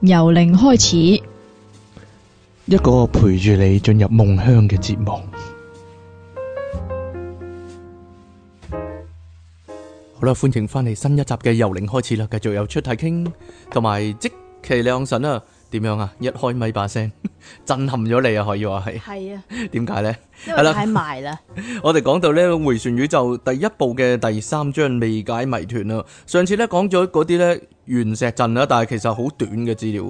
由零開始，一個陪住你進入夢鄉嘅節目。 好啦，歡迎翻嚟新一集嘅由零開始啦，繼續有出體傾同埋即其亮神啊！點樣啊？一開咪把聲震撼咗你啊？可以話係，係啊？點解咧？因為太埋啦。我哋講到咧回旋宇宙第一部嘅第三章未解謎團啦。上次咧講咗嗰啲咧原石鎮啦，但係其實好短嘅資料，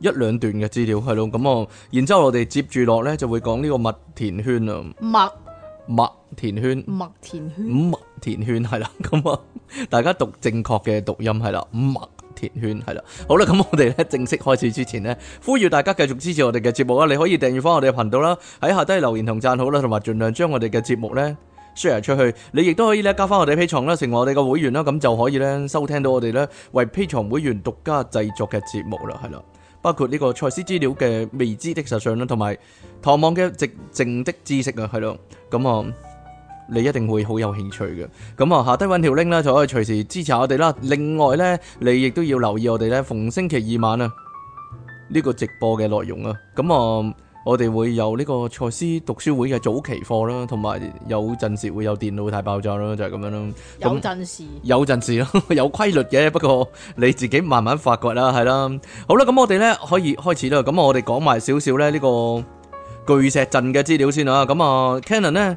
一兩段嘅資料係咯。咁啊，然之後我哋接住落咧就會講呢個麥田圈啦。麥麥田圈，麥田圈，麥田圈係啦。咁啊，大家讀正確嘅讀音係啦，麥。填圈係啦，好啦，咁我哋咧正式開始之前呢，呼籲大家繼續支持我哋嘅節目啊！你可以訂閱翻我哋嘅頻道啦，喺下低留言同贊好啦，同埋儘量將我哋嘅節目呢 share 出去。你亦都可以咧加翻我哋 P 藏啦，成為我哋嘅會員啦，咁就可以咧收聽到我哋咧為 P 藏會員獨家製作嘅節目啦，係啦，包括呢個賽斯資料嘅未知的真相啦，同埋唐望嘅寂靜的知識啊，係咯，咁、嗯、啊。你一定會好有興趣嘅，咁、嗯、啊，下低揾條 link 咧，就可以隨時支持我哋啦。另外咧，你亦都要留意我哋咧逢星期二晚啊呢、這個直播嘅內容啊。咁、嗯、啊，我哋會有呢個蔡司讀書會嘅早期課啦，同埋有陣時會有電腦大爆炸咯，就係、是、咁樣咯。有陣時， 有陣時咯，有規律嘅，不過你自己慢慢發掘啦，係啦。好啦，咁、嗯、我哋咧可以開始啦。咁、嗯、啊，我哋講埋少少咧呢個巨石陣嘅資料先啊。咁啊，Canon 咧。Can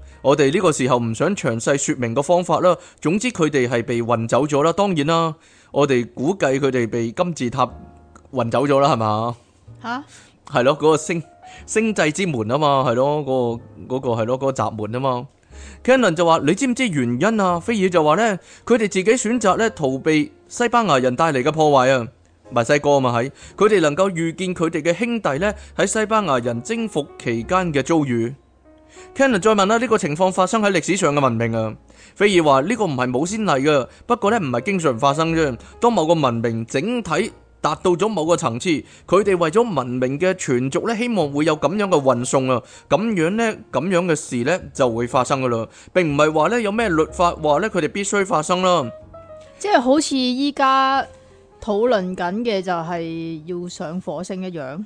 我哋呢個時候唔想詳細說明個方法啦，總之佢哋係被運走咗啦。當然啦，我哋估計佢哋被金字塔運走咗啦，係嘛？吓，係咯，嗰個星星際之門啊嘛，係咯，個嗰個係咯，嗰個閘門啊嘛。Cannon 就話：你知唔知原因啊？菲爾就話呢，佢哋自己選擇咧逃避西班牙人帶嚟嘅破壞啊，墨西哥啊嘛係，佢哋能夠預見佢哋嘅兄弟咧喺西班牙人征服期間嘅遭遇。Ken，再問啦，呢個情況發生喺歷史上嘅文明啊？菲爾話呢個唔係冇先例噶，不過呢唔係經常發生啫。當某個文明整體達到咗某個層次，佢哋為咗文明嘅存續呢，希望會有咁樣嘅運送啊，咁樣呢，咁樣嘅事呢就會發生噶啦，並唔係話呢有咩律法話呢，佢哋必須發生啦。即係好似依家討論緊嘅就係要上火星一樣。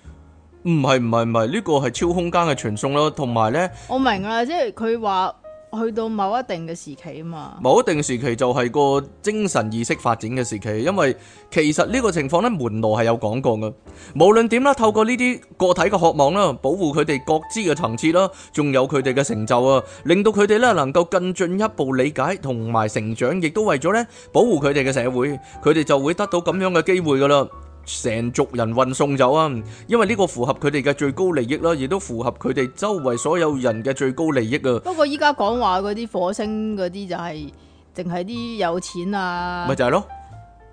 唔係唔係唔係，呢個係超空間嘅傳送囉，同埋呢，我明啊，即係佢話去到某一定嘅時期啊嘛，某一定時期就係個精神意識發展嘅時期，因為其實呢個情況呢門羅係有講過噶，無論點啦，透過呢啲個體嘅渴望啦，保護佢哋覺知嘅層次啦，仲有佢哋嘅成就啊，令到佢哋呢能夠更進一步理解同埋成長，亦都為咗呢保護佢哋嘅社會，佢哋就會得到咁樣嘅機會噶啦。成族人運送走啊！因為呢個符合佢哋嘅最高利益啦，亦都符合佢哋周圍所有人嘅最高利益啊！不過依家講話嗰啲火星嗰啲就係淨係啲有錢啊，咪就係咯，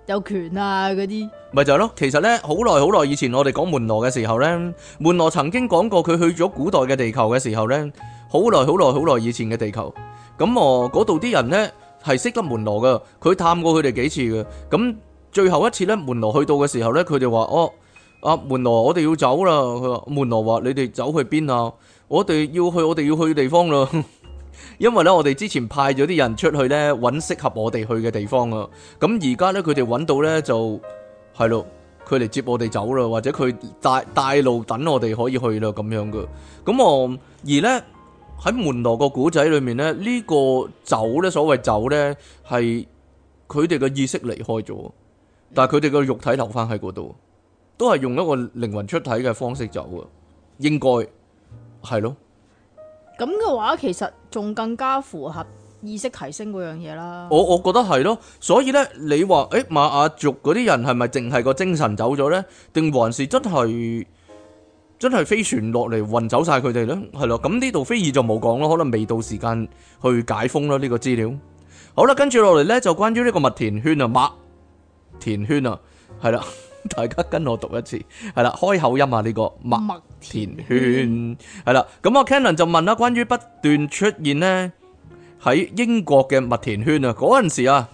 有權啊嗰啲，咪就係咯。其實呢，好耐好耐以前，我哋講門羅嘅時候呢，門羅曾經講過佢去咗古代嘅地球嘅時候呢，好耐好耐好耐以前嘅地球，咁我嗰度啲人呢係識得門羅㗎，佢探過佢哋幾次㗎，咁。最後一次咧，門羅去到嘅時候咧，佢哋話：哦，阿、啊、門羅，我哋要走啦。佢話：門羅話你哋走去邊啊？我哋要去我哋要去嘅地方啦。 因為咧，我哋之前派咗啲人出去咧，揾適合我哋去嘅地方啊。咁而家咧，佢哋揾到咧就係咯，佢嚟接我哋走啦，或者佢帶帶路等我哋可以去啦咁樣嘅。咁、嗯、我而咧喺門羅個古仔裏面咧，呢、呢個走咧，所謂走咧，係佢哋嘅意識離開咗。但係佢哋個肉體留翻喺嗰度，都係用一個靈魂出體嘅方式走嘅，應該係咯。咁嘅話，其實仲更加符合意識提升嗰樣嘢啦。我我覺得係咯，所以呢，你話誒、欸、馬雅族嗰啲人係咪淨係個精神走咗呢？定還是真係真係飛船落嚟運走晒佢哋呢？係咯，咁呢度非議就冇講咯，可能未到時間去解封咯呢、這個資料。好啦，跟住落嚟呢，就關於呢個麥田圈啊馬。田圈啊，係啦，大家跟我讀一次，係啦，開口音啊，呢個麥田圈，係啦，咁啊 Canon 就問啦，關於不斷出現呢，喺英國嘅麥田圈啊，嗰陣時啊。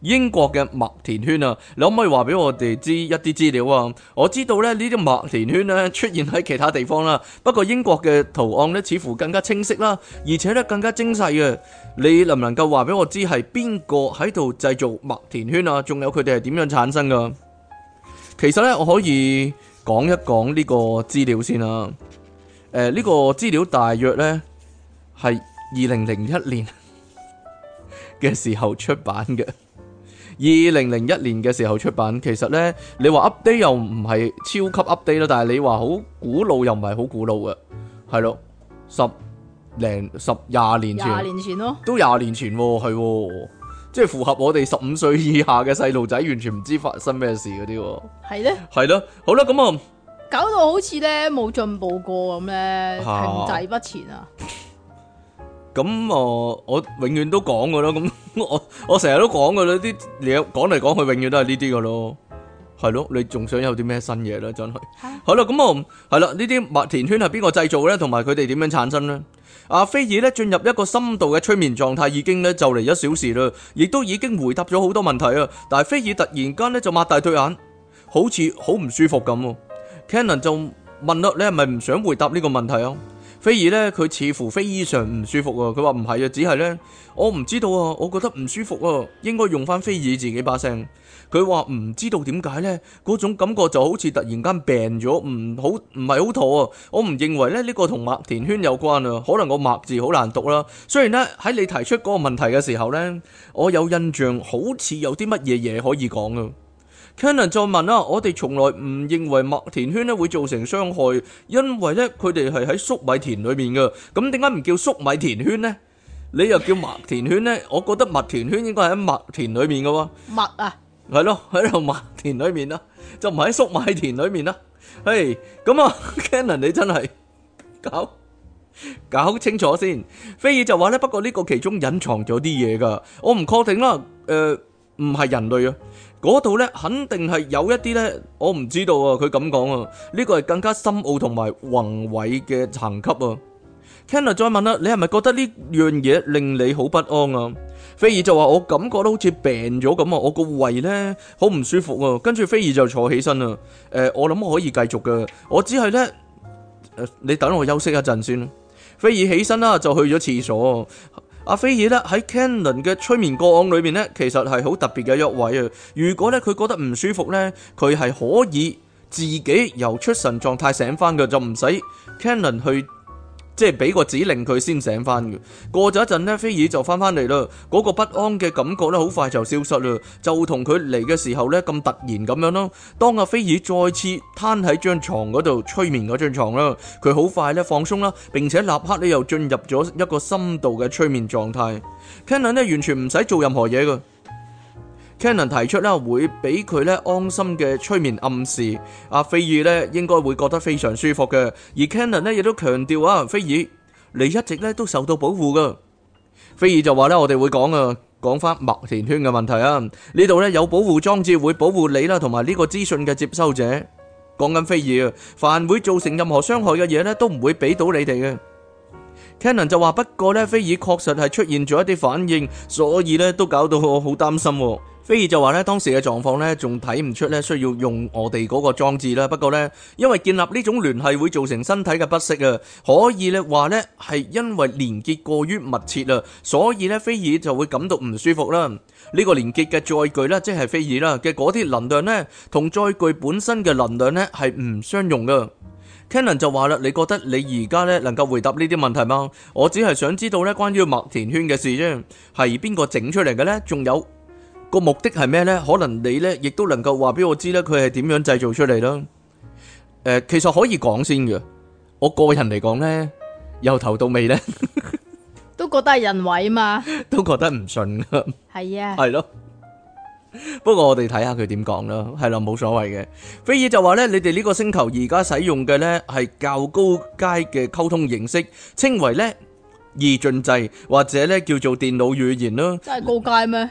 英國嘅麥田圈啊，你可唔可以話俾我哋知一啲資料啊？我知道咧呢啲麥田圈咧出現喺其他地方啦，不過英國嘅圖案咧似乎更加清晰啦，而且咧更加精細嘅。你能唔能夠話俾我知係邊個喺度製造麥田圈啊？仲有佢哋係點樣產生噶？其實咧我可以講一講呢個資料先啦、啊。誒、呃、呢、這個資料大約咧係二零零一年嘅 時候出版嘅。 二零零一年嘅時候出版，其實呢，你話 update 又唔係超級 update 咯，但係你話好古老又唔係好古老嘅，係咯十零十廿年前，廿年前咯，都廿年前喎，係即係符合我哋十五歲以下嘅細路仔完全唔知發生咩事嗰啲，係咧，係咯，呢好啦，咁啊，搞到好似呢冇進步過咁呢，停滯不前啊！ 咁啊，我永遠都講嘅咯，咁我我成日都講嘅啦，啲嘢講嚟講去永遠都係呢啲嘅咯，係咯，你仲想有啲咩新嘢咧？真係，係啦，咁啊，係啦，呢啲麥田圈係邊個製造咧？同埋佢哋點樣產生咧？阿菲爾咧進入一個深度嘅催眠狀態已經咧就嚟一小時啦，亦都已經回答咗好多問題啊，但係菲爾突然間咧就擘大對眼，好似好唔舒服咁。Cannon 就問啦：你係咪唔想回答呢個問題啊？菲爾呢，佢似乎非常唔舒服啊。佢話唔係啊，只係呢，我唔知道啊。我覺得唔舒服啊，應該用翻菲爾自己把聲。佢話唔知道點解呢，嗰種感覺就好似突然間病咗，唔好唔係好妥啊。我唔認為咧呢呢個同麥田圈有關啊。可能個麥字好難讀啦。雖然呢，喺你提出嗰個問題嘅時候呢，我有印象好似有啲乜嘢嘢可以講啊。Cannon 再問啦，我哋從來唔認為麥田圈咧會造成傷害，因為咧佢哋係喺粟米田裏面嘅，咁點解唔叫粟米田圈咧？你又叫麥田圈咧？我覺得麥田圈應該喺麥田裏面嘅喎。麥啊，係咯，喺度麥田裏面啦，就唔係喺粟米田裏面啦。嘿，咁啊，Cannon 你真係搞搞清楚先。菲爾就話咧，不過呢個其中隱藏咗啲嘢嘅，我唔確定啦。誒，唔係人類啊！嗰度咧，肯定係有一啲咧，我唔知道啊！佢咁講啊，呢個係更加深奧同埋宏偉嘅層級啊！Kenner 再問啦，你係咪覺得呢樣嘢令你好不安啊？菲爾就話：我感覺到好似病咗咁啊！我個胃咧好唔舒服啊！跟住菲爾就坐起身啊。誒，我諗我可以繼續噶，我只係咧誒，你等我休息一陣先啦。菲爾起身啦，就去咗廁所。阿菲爾咧喺 Cannon 嘅催眠個案裏面其實係好特別嘅一位，如果咧佢覺得唔舒服咧，佢係可以自己由出神狀態醒翻嘅，就唔使 Cannon 去。即係俾個指令佢先醒翻嘅。過咗一陣呢飛爾就翻返嚟啦。嗰個不安嘅感覺咧，好快就消失啦。就同佢嚟嘅時候咧咁突然咁樣咯。當阿飛爾再次攤喺張床嗰度催眠嗰張牀啦，佢好快咧放鬆啦，並且立刻咧又進入咗一個深度嘅催眠狀態。Kenner 咧完全唔使做任何嘢噶。Cannon 提出咧，會俾佢咧安心嘅催眠暗示，阿菲爾咧應該會覺得非常舒服嘅。而 Cannon 咧亦都強調啊，菲爾，你一直咧都受到保護噶。菲爾就話咧，我哋會講啊，講翻麥田圈嘅問題啊。呢度咧有保護裝置會保護你啦，同埋呢個資訊嘅接收者。講緊菲爾啊，凡會造成任何傷害嘅嘢咧，都唔會俾到你哋嘅。Canon 就話：不過咧，飛爾確實係出現咗一啲反應，所以咧都搞到我好擔心。飛爾就話咧，當時嘅狀況咧，仲睇唔出咧，需要用我哋嗰個裝置啦。不過咧，因為建立呢種聯繫會造成身體嘅不適啊，可以咧話咧係因為連結過於密切啊，所以咧飛爾就會感到唔舒服啦。呢個連結嘅載具咧，即係飛爾啦嘅嗰啲能量咧，同載具本身嘅能量咧係唔相容噶。Cannon 就話啦，你覺得你而家咧能夠回答呢啲問題嗎？我只係想知道咧，關於麥田圈嘅事啫，係邊個整出嚟嘅咧？仲有個目的係咩咧？可能你咧亦都能夠話俾我知咧，佢係點樣製造出嚟啦？誒，其實可以講先嘅。我個人嚟講咧，由頭到尾咧，都覺得係人為啊嘛，都覺得唔信啊，係啊，係咯。 不過我哋睇下佢點講咯，係啦，冇所謂嘅。菲爾就話咧，你哋呢個星球而家使用嘅咧，係較高階嘅溝通形式，稱為咧二進制，或者咧叫做電腦語言啦。真係高階咩？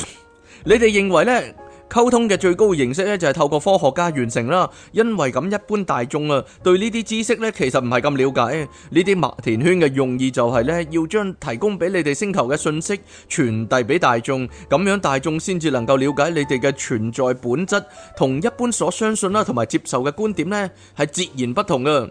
你哋認為咧？溝通嘅最高形式咧，就係透過科學家完成啦。因為咁一般大眾啊，對呢啲知識咧，其實唔係咁了解。呢啲麥田圈嘅用意就係咧，要將提供俾你哋星球嘅信息傳遞俾大眾，咁樣大眾先至能夠了解你哋嘅存在本質，同一般所相信啦，同埋接受嘅觀點咧，係截然不同嘅。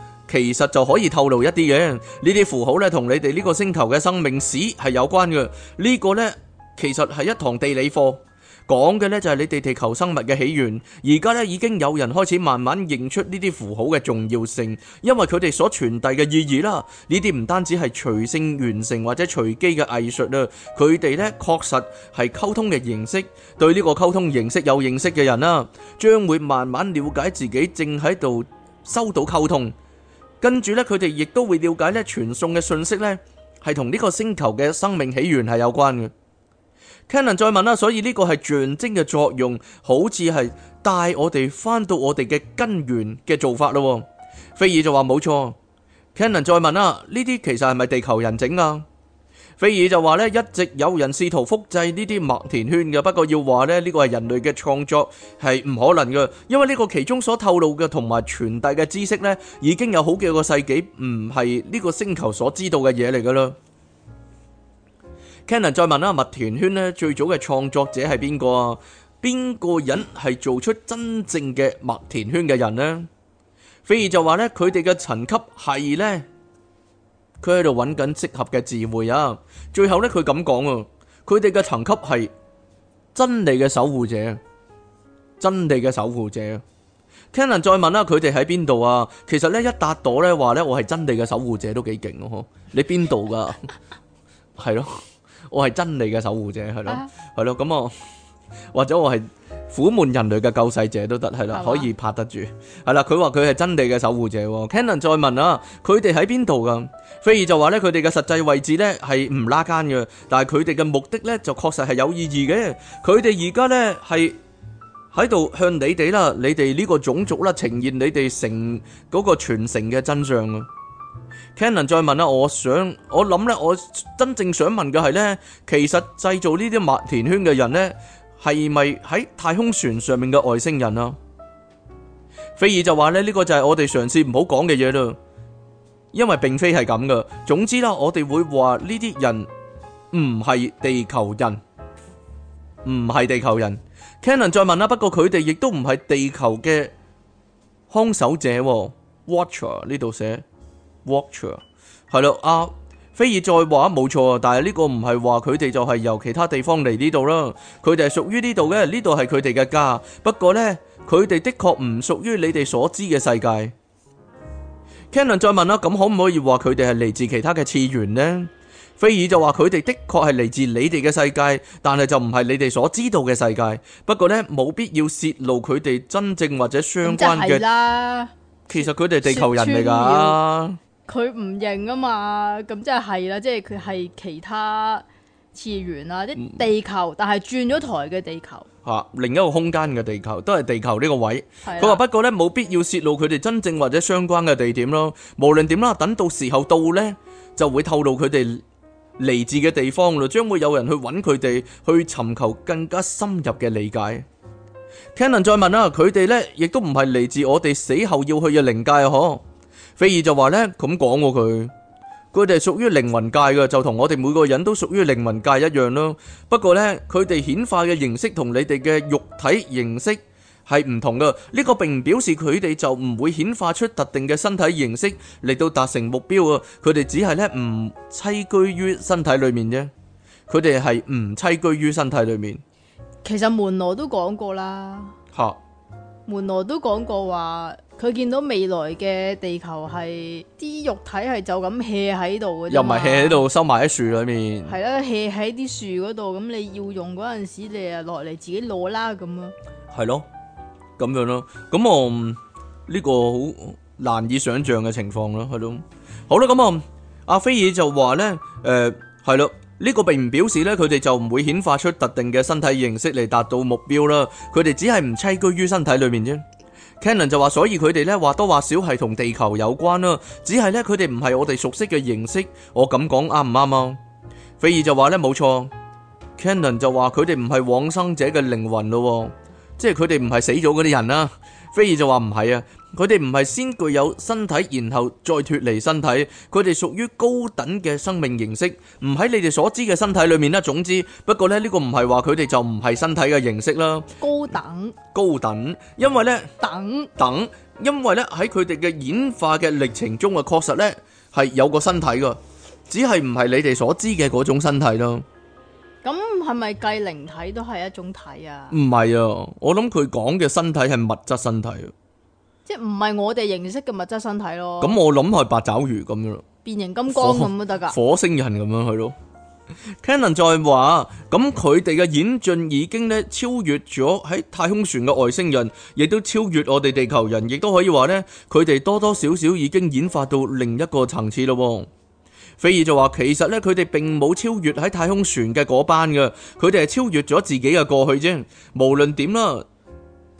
其實就可以透露一啲嘅，呢啲符號咧同你哋呢個星球嘅生命史係有關嘅。呢、呢個呢，其實係一堂地理課講嘅呢，就係你哋地球生物嘅起源。而家呢，已經有人開始慢慢認出呢啲符號嘅重要性，因為佢哋所傳遞嘅意義啦。呢啲唔單止係隨性完成或者隨機嘅藝術啦，佢哋呢確實係溝通嘅形式。對呢個溝通形式有認識嘅人啦，將會慢慢了解自己正喺度收到溝通。跟住呢佢哋亦都會了解呢傳送嘅信息呢係同呢個星球嘅生命起源係有關嘅。Cannon 再問啦，所以呢個係象徵嘅作用，好似係帶我哋返到我哋嘅根源嘅做法咯。菲爾就話冇錯。Cannon 再問啦，呢啲其實係咪地球人整啊？菲爾就話呢，一直有人試圖複製呢啲麥田圈嘅，不過要話咧，呢個係人類嘅創作係唔可能㗎，因為呢個其中所透露嘅同埋傳遞嘅知識呢，已經有好幾個世紀唔係呢個星球所知道嘅嘢嚟㗎啦。Canon 再問啦，麥田圈呢，最早嘅創作者係邊個啊？邊個人係做出真正嘅麥田圈嘅人呢？菲爾就話呢，佢哋嘅層級係呢。佢喺度揾緊適合嘅字匯啊！最後咧，佢咁講啊，佢哋嘅層級係真理嘅守護者，真理嘅守護者。Kenan 再問啦、啊，佢哋喺邊度啊？其實咧一笪朵咧話咧，我係真理嘅守護者都幾勁咯～你邊度噶？係咯， 我係真理嘅守護者係咯，係咯咁啊我，或者我係。苦悶人類嘅救世者都得係啦，吧可以拍得住係啦。佢話佢係真地嘅守護者。Canon 再問啊，佢哋喺邊度㗎？菲爾就話咧，佢哋嘅實際位置咧係唔拉更嘅，但係佢哋嘅目的咧就確實係有意義嘅。佢哋而家咧係喺度向你哋啦，你哋呢個種族啦呈現你哋成嗰個傳承嘅真相啊。Canon 再問啊、那個，我想我諗咧，我，我真正想問嘅係咧，其實製造呢啲麥田圈嘅人咧。係咪喺太空船上面嘅外星人啊？菲爾就話咧，呢個就係我哋嘗試唔好講嘅嘢啦，因為並非係咁噶。總之啦，我哋會話呢啲人唔係地球人，唔係地球人。Cannon 再問啦，不過佢哋亦都唔係地球嘅看守者。Watcher 呢度寫 Watcher 係咯啊。菲爾再話，冇錯，但係呢個唔係話佢哋就係由其他地方嚟呢度啦，佢哋係屬於呢度嘅，呢度係佢哋嘅家。不過呢，佢哋的確唔屬於你哋所知嘅世界。 Canon 再問啦，咁可唔可以話佢哋係嚟自其他嘅次元呢？ 菲爾就話佢哋的確係嚟自你哋嘅世界，但係就唔係你哋所知道嘅世界。不過呢，冇必要泄露佢哋真正或者相關嘅。即係啦，其實佢哋地球人嚟㗎。佢唔認啊嘛，咁即係係啦，即係佢係其他次元啦，啲、嗯、地球，但係轉咗台嘅地球，嚇、啊、另一個空間嘅地球，都係地球呢個位。佢話、啊、不過呢，冇必要洩露佢哋真正或者相關嘅地點咯。無論點啦，等到時候到呢，就會透露佢哋嚟自嘅地方咯。將會有人去揾佢哋，去尋求更加深入嘅理解。Canon 再問啊，佢哋呢亦都唔係嚟自我哋死後要去嘅靈界啊，可？比爾就話咧，咁講過佢，佢哋係屬於靈魂界噶就同我哋每個人都屬於靈魂界一樣咯。不過咧，佢哋顯化嘅形式同你哋嘅肉體形式係唔同噶。呢個並唔表示佢哋就唔會顯化出特定嘅身體形式嚟，到達成目標啊。佢哋只係咧唔棲居於身體裏面啫。佢哋係唔棲居於身體裏面。其實門羅都講過啦，吓門羅都講過話。佢見到未來嘅地球係啲肉體係就咁 hea 喺度嘅，又唔係 hea 喺度收埋喺樹裏面。係啦，hea 喺啲樹嗰度，咁你要用嗰陣時，你就落嚟自己攞啦咁咯。係咯，咁樣咯。咁我呢個好難以想像嘅情況咯，係咯。好啦，咁啊，阿菲爾就話咧，誒係咯，呢個並唔表示咧佢哋就唔會顯化出特定嘅身體形式嚟達到目標啦。佢哋只係唔棲居於身體裏面啫。Cannon 就話，所以佢哋咧或多或少係同地球有關啦，只係咧佢哋唔係我哋熟悉嘅形式，我咁講啱唔啱啊？菲爾就話咧冇錯。Cannon 就話佢哋唔係往生者嘅靈魂咯，即係佢哋唔係死咗嗰啲人啦。菲爾就話唔係啊。佢哋唔係先具有身體，然後再脱離身體。佢哋屬於高等嘅生命形式，唔喺你哋所知嘅身體裏面啦。總之，不過呢呢個唔係話佢哋就唔係身體嘅形式啦。高等，高等，因為呢，等等，因為呢喺佢哋嘅演化嘅歷程中啊，確實呢係有個身體噶，只係唔係你哋所知嘅嗰種身體咯。咁係咪計靈體都係一種體啊？唔係啊，我諗佢講嘅身體係物質身體。即唔係我哋形式嘅物質身體咯？咁我諗係八爪魚咁樣咯，變形金剛咁都得噶，火星人咁樣去咯。 Cannon 再話，咁佢哋嘅演進已經咧超越咗喺太空船嘅外星人，亦都超越我哋地球人，亦都可以話呢，佢哋多多少少已經演化到另一個層次咯。菲爾就話，其實呢，佢哋並冇超越喺太空船嘅嗰班嘅，佢哋係超越咗自己嘅過去啫。無論點啦。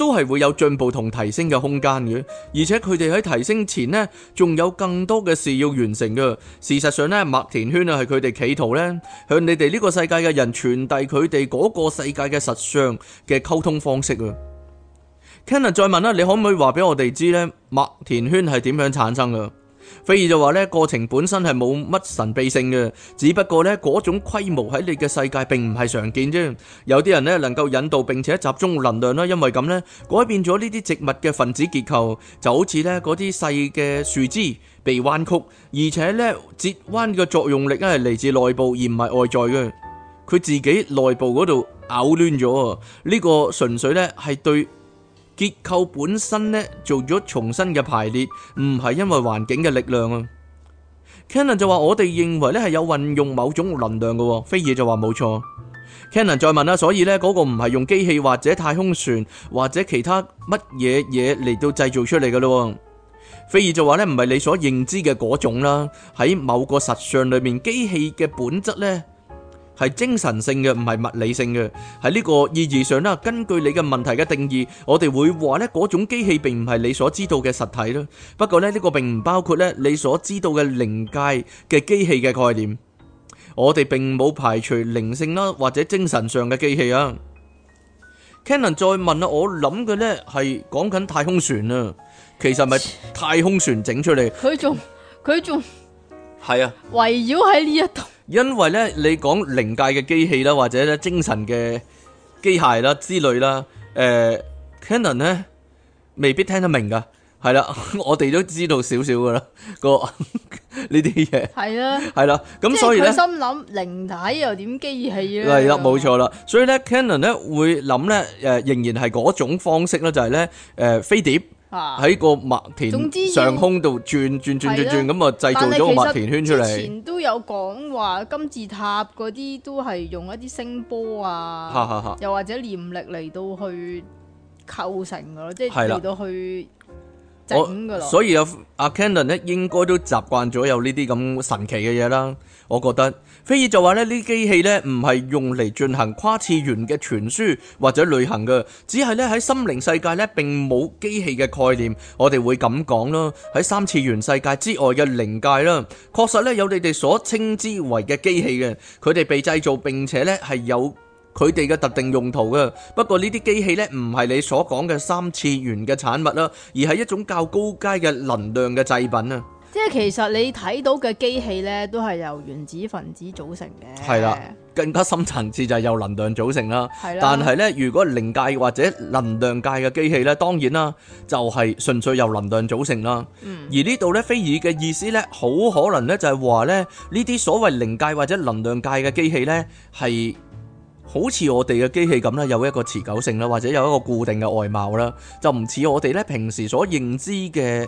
都係會有進步同提升嘅空間嘅，而且佢哋喺提升前呢，仲有更多嘅事要完成嘅。事實上呢，麥田圈啊，係佢哋企圖呢，向你哋呢個世界嘅人傳遞佢哋嗰個世界嘅實相嘅溝通方式啊。Kenneth 再問啦，你可唔可以話俾我哋知呢？麥田圈係點樣產生噶菲爾就話呢，過程本身係冇乜神秘性嘅，只不過呢，嗰種規模喺你嘅世界並唔係常見啫。有啲人呢，能夠引導並且集中能量啦，因為咁呢，改變咗呢啲植物嘅分子結構，就好似呢嗰啲細嘅樹枝被彎曲，而且呢，折彎嘅作用力咧，係嚟自內部而唔係外在嘅，佢自己內部嗰度拗攣咗啊！呢個純粹呢，係對。結構本身呢，做咗重新嘅排列，唔係因為環境嘅力量啊。Canon 就話：我哋認為呢係有運用某種能量嘅。菲爾就話，冇錯。Canon 再問啦，所以呢嗰個唔係用機器或者太空船或者其他乜嘢嘢嚟到製造出嚟嘅咯。菲爾就話呢，唔係你所認知嘅嗰種啦，喺某個實相裏面，機器嘅本質呢，係精神性嘅，唔係物理性嘅。喺呢個意義上咧，根據你嘅問題嘅定義，我哋會話咧，嗰種機器並唔係你所知道嘅實體咯。不過咧，呢個並唔包括咧你所知道嘅靈界嘅機器嘅概念。我哋並冇排除靈性啦，或者精神上嘅機器啊。Cannon 再問啊，我諗嘅咧係講緊太空船啊。其實咪太空船整出嚟。佢仲佢仲係啊，圍繞喺呢一度。因為咧，你講靈界嘅機器啦，或者咧精神嘅機械啦之類啦，誒，Canon 咧未必聽得明噶，係啦，我哋都知道少少噶啦，個呢啲嘢。係啦。係啦，咁所以咧，心諗靈體又點機器咧？係啦，冇錯啦，所以咧，Canon 咧會諗咧，誒，仍然係嗰種方式啦，就係咧，誒，飛碟。啊！喺個麥田上空度轉轉轉轉轉咁啊，的就製造咗個麥田圈出嚟。前都有講話金字塔嗰啲都係用一啲聲波啊，啊啊啊又或者念力嚟到去構成噶咯，即係嚟到去整噶咯。所以阿阿 Cannon 咧應該都習慣咗有呢啲咁神奇嘅嘢啦。我覺得菲爾就話呢啲機器呢唔係用嚟進行跨次元嘅傳輸或者旅行嘅，只係呢喺心靈世界呢並冇機器嘅概念。我哋會咁講啦，喺三次元世界之外嘅靈界啦，確實呢有你哋所稱之為嘅機器嘅，佢哋被製造並且呢係有佢哋嘅特定用途嘅。不過呢啲機器呢唔係你所講嘅三次元嘅產物啦，而係一種較高階嘅能量嘅製品啊。即係其實你睇到嘅機器呢，都係由原子分子組成嘅。係啦，更加深層次就係由能量組成啦。係啦，但係呢，如果靈界或者能量界嘅機器呢，當然啦，就係純粹由能量組成啦。嗯。而呢度呢，非爾嘅意思呢，好可能呢，就係話呢，呢啲所謂靈界或者能量界嘅機器呢，係好似我哋嘅機器咁呢，有一個持久性啦，或者有一個固定嘅外貌啦，就唔似我哋呢平時所認知嘅。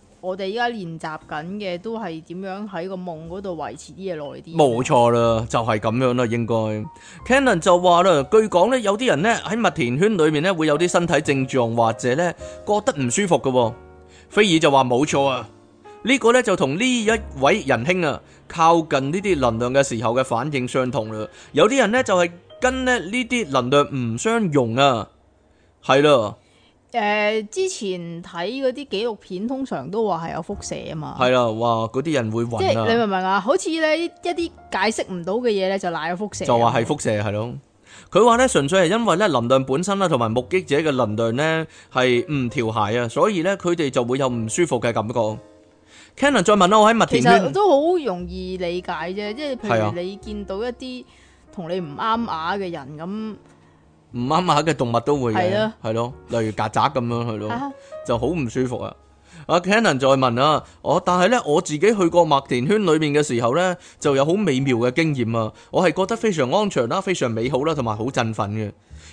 我哋依家練習緊嘅都係點樣喺個夢嗰度維持啲嘢落嚟。冇錯啦，就係、是、咁樣啦，應該。Cannon 就話咧，據講咧，有啲人咧喺麥田圈裏面咧會有啲身體症狀，或者咧覺得唔舒服嘅、哦。菲爾就話冇錯啊，呢、這個咧就同呢一位仁兄啊，靠近呢啲能量嘅時候嘅反應相同啦。有啲人咧就係跟咧呢啲能量唔相容啊，係啦。誒之前睇嗰啲紀錄片，通常都話係有輻射啊嘛。係啦，話嗰啲人會暈啊。即係你明唔明啊？好似咧一啲解釋唔到嘅嘢咧，就賴有輻射。就話係輻射係咯。佢話咧純粹係因為咧能量本身啦，同埋目擊者嘅能量咧係唔調諧啊，所以咧佢哋就會有唔舒服嘅感覺。Cannon，再問啦，我喺麥田。其實都好容易理解啫，即係譬如你見到一啲同你唔啱牙嘅人咁。唔啱下嘅動物都會嘅，係咯的，例如曱甴咁樣，去咯， 就好唔舒服啊！阿 Canon 再問啊，我、哦、但係咧我自己去過麥田圈裏面嘅時候咧，就有好美妙嘅經驗啊，我係覺得非常安詳啦、啊，非常美好啦、啊，同埋好振奮嘅。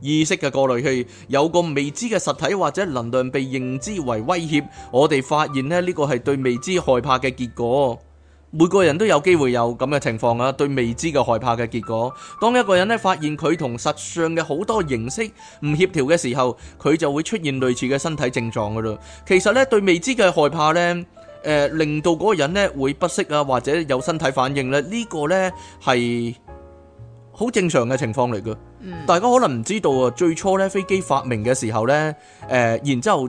意識嘅過濾器有個未知嘅實體或者能量被認知為威脅，我哋發現咧呢個係對未知害怕嘅結果。每個人都有機會有咁嘅情況啊，對未知嘅害怕嘅結果。當一個人呢發現佢同實相嘅好多形式唔協調嘅時候，佢就會出現類似嘅身體症狀噶啦。其實呢，對未知嘅害怕呢，誒、呃、令到嗰個人呢會不適啊，或者有身體反應咧，呢、呢個呢係。好正常嘅情況嚟㗎，嗯、大家可能唔知道啊。最初咧飛機發明嘅時候呢，誒、呃、然之後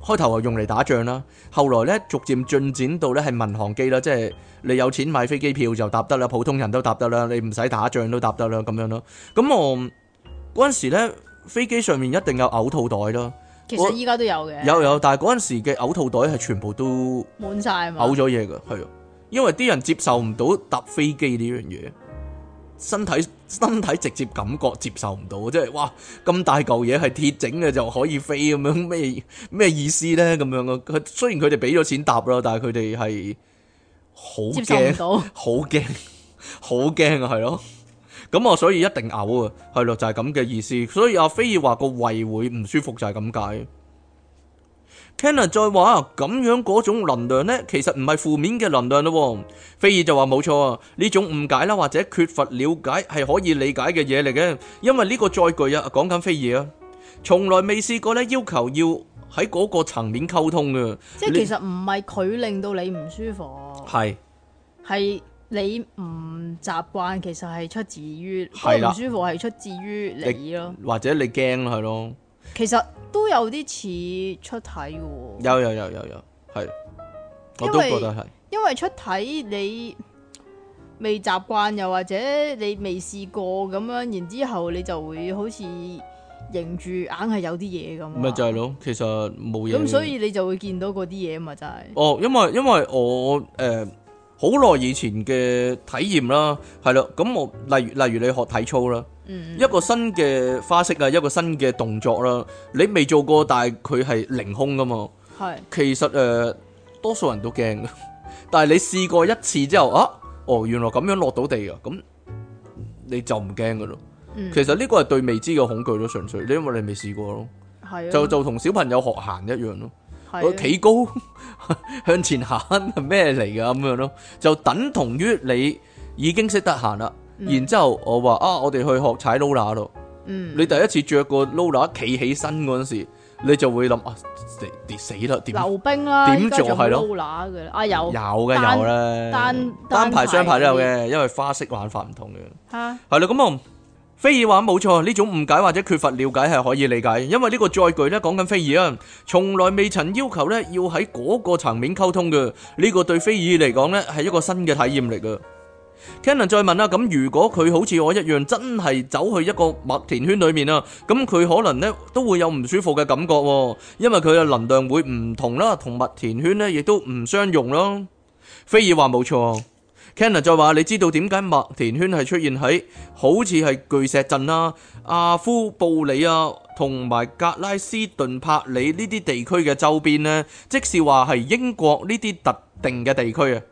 開頭係用嚟打仗啦，後來呢，逐漸進展到呢係民航機啦，即係你有錢買飛機票就搭得啦，普通人都搭得啦，你唔使打仗都搭得啦咁樣咯。咁我嗰陣時咧，飛機上面一定有嘔吐袋啦，其實依家都有嘅。有有，但係嗰陣時嘅嘔吐袋係全部都滿曬啊嘔咗嘢㗎，係，因為啲人接受唔到搭飛機呢樣嘢。身體身體直接感覺接受唔到，即係哇咁大嚿嘢係鐵整嘅就可以飛咁樣咩咩意思咧？咁樣啊，佢雖然佢哋俾咗錢搭啦，但係佢哋係好驚，好驚， 好驚啊！係咯，咁我所以一定嘔啊，係咯，就係咁嘅意思。所以阿菲爾話個胃會唔舒服就係咁解。Ken 再話咁樣嗰種能量咧，其實唔係負面嘅能量咯。菲爾就話冇錯，呢種誤解啦，或者缺乏瞭解係可以理解嘅嘢嚟嘅。因為呢個載具啊，講緊菲爾啊，從來未試過咧要求要喺嗰個層面溝通嘅，即係其實唔係佢令到你唔舒服，係係你唔習慣，其實係出自於，係唔舒服係出自於你咯，或者你驚係咯。其實都有啲似出體嘅，有有有有有，係，我都覺得係。因為出體你未習慣，又或者你未試過咁樣，然之後你就會好似凝住，硬係有啲嘢咁。咪就係咯，其實冇嘢。咁、嗯、所以你就會見到嗰啲嘢嘛，就係。哦，因為因為我誒好耐以前嘅體驗啦，係啦，咁我例如例如你學體操啦。嗯、一個新嘅花式啊，一個新嘅動作啦，你未做過，但係佢係凌空噶嘛。係是。其實誒、呃，多數人都驚噶，但係你試過一次之後，啊，哦，原來咁樣落到地噶，咁你就唔驚噶咯。嗯、其實呢個係對未知嘅恐懼咗純粹，你因為你未試過咯。係、啊。就就同小朋友學行一樣咯，企、啊、高向前行係咩嚟噶咁樣咯，就等同於你已經識得行啦。然之後我話啊，我哋去學踩溜拉咯。嗯，你第一次着個溜拉企起身嗰陣時，你就會諗啊，跌死啦！點溜冰啦，點做係咯？溜拉嘅，啊有有嘅有咧，單單排雙排都有嘅，因為花式玩法唔同嘅吓。係啦，咁啊，菲爾話冇錯，呢種誤解或者缺乏了解係可以理解，因為呢個載具咧講緊非爾啊，從來未曾要求咧要喺嗰個層面溝通嘅，呢個對非爾嚟講咧係一個新嘅體驗嚟嘅。Kenan 再問啊，咁如果佢好似我一樣，真係走去一個麥田圈裏面啊，咁佢可能咧都會有唔舒服嘅感覺喎，因為佢嘅能量會唔同啦，同麥田圈咧亦都唔相容咯。菲爾話冇錯，Kenan 再話，你知道點解麥田圈係出現喺好似係巨石陣啦、阿夫布里啊、同埋格拉斯頓柏里呢啲地區嘅周邊呢？即是話係英國呢啲特定嘅地區啊。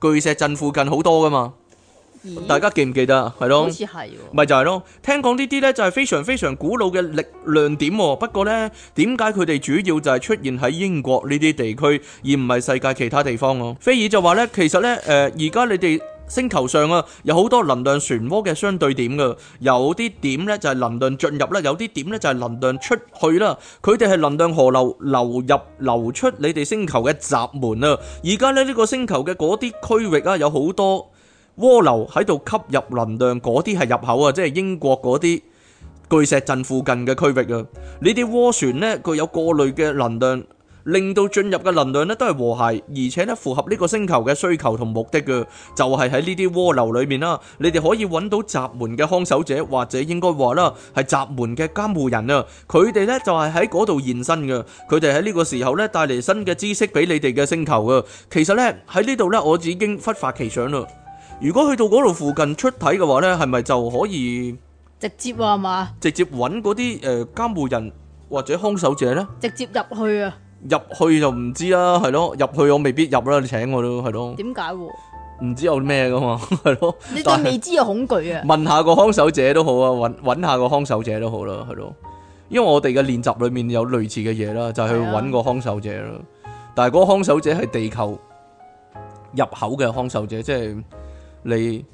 巨石陣附近好多㗎嘛，咦大家記唔記得啊？係咯，咪、哦、就係咯。聽講呢啲呢就係非常非常古老嘅力量點喎。不過呢，點解佢哋主要就係出現喺英國呢啲地區，而唔係世界其他地方咯？菲爾就話呢，其實呢，誒、呃，而家你哋。星球上啊，有好多能量漩渦嘅相對點噶，有啲點呢就係能量進入啦，有啲點呢就係能量出去啦。佢哋係能量河流流入流出你哋星球嘅閘門啊。而家呢呢個星球嘅嗰啲區域啊，有好多渦流喺度吸入能量，嗰啲係入口啊，即係英國嗰啲巨石陣附近嘅區域啊。你哋渦旋呢，佢有過濾嘅能量。令到進入嘅能量咧都係和諧，而且咧符合呢個星球嘅需求同目的嘅，就係喺呢啲窩流裏面啦。你哋可以揾到閘門嘅看守者，或者應該話啦係閘門嘅監護人啊。佢哋咧就係喺嗰度現身嘅。佢哋喺呢個時候咧帶嚟新嘅知識俾你哋嘅星球嘅。其實咧喺呢度咧，我已經忽發奇想啦。如果去到嗰度附近出體嘅話咧，係咪就可以直接啊？係嘛？直接揾嗰啲誒監護人或者看守者咧？直接入去啊！入去就唔知啦，係咯，入去我未必入啦，你請我咯，係咯。點解？唔知有咩噶嘛，係咯。你對未知有恐懼啊？問下個康守者都好啊，搵搵下個康守者都好啦，係咯。因為我哋嘅練習裏面有類似嘅嘢啦，就係去搵個康守者啦。啊、但係嗰個康守者係地球入口嘅康守者，即係你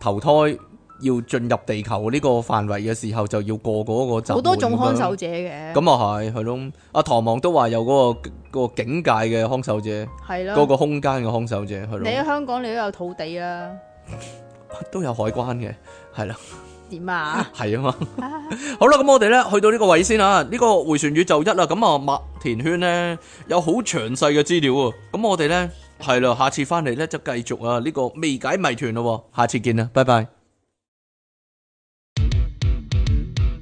投胎。要進入地球呢個範圍嘅時候，就要過嗰個。好多種看守者嘅。咁啊係，係咯。阿唐望都話有嗰、嗰個、嗰個境界嘅看守者，係咯了。嗰個空間嘅看守者，係咯。你喺香港，你都有土地啊， 都有海關嘅，係啦。點啊？係啊嘛。 好啦，咁我哋咧去到呢個位先啊。呢、這個回旋宇宙一啦。咁啊，麥田圈咧有好詳細嘅資料。咁我哋咧係啦，下次翻嚟咧就繼續啊呢、這個未解謎團咯。下次見啦，拜拜。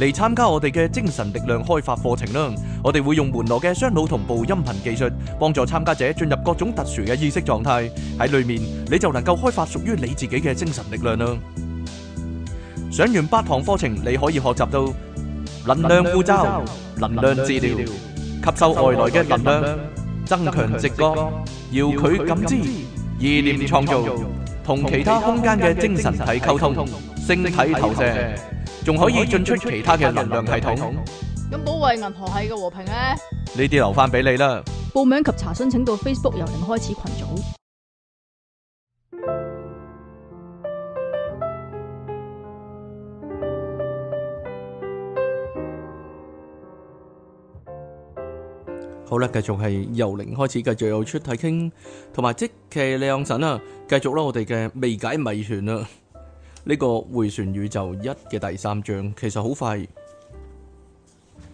嚟參加我哋嘅精神力量開發課程啦！我哋會用門羅嘅雙腦同步音頻技術，幫助參加者進入各種特殊嘅意識狀態。喺裏面你就能夠開發屬於你自己嘅精神力量啦！上完八堂課程，你可以學習到能量護罩、能量治療、吸收外來嘅能量、增強直覺、遙距感知、意念創造、同其他空間嘅精神體溝通、星體投射。仲可以進出其他嘅能量系統。咁保衛銀河系嘅和平咧？呢啲留翻俾你啦。報名及查詢請到 Facebook 由零開始群組。好啦，繼續係由零開始，繼續有出體傾，同埋即期靚神啦，繼續啦，我哋嘅未解謎團啦。呢個《回旋宇宙一》嘅第三章其實好快，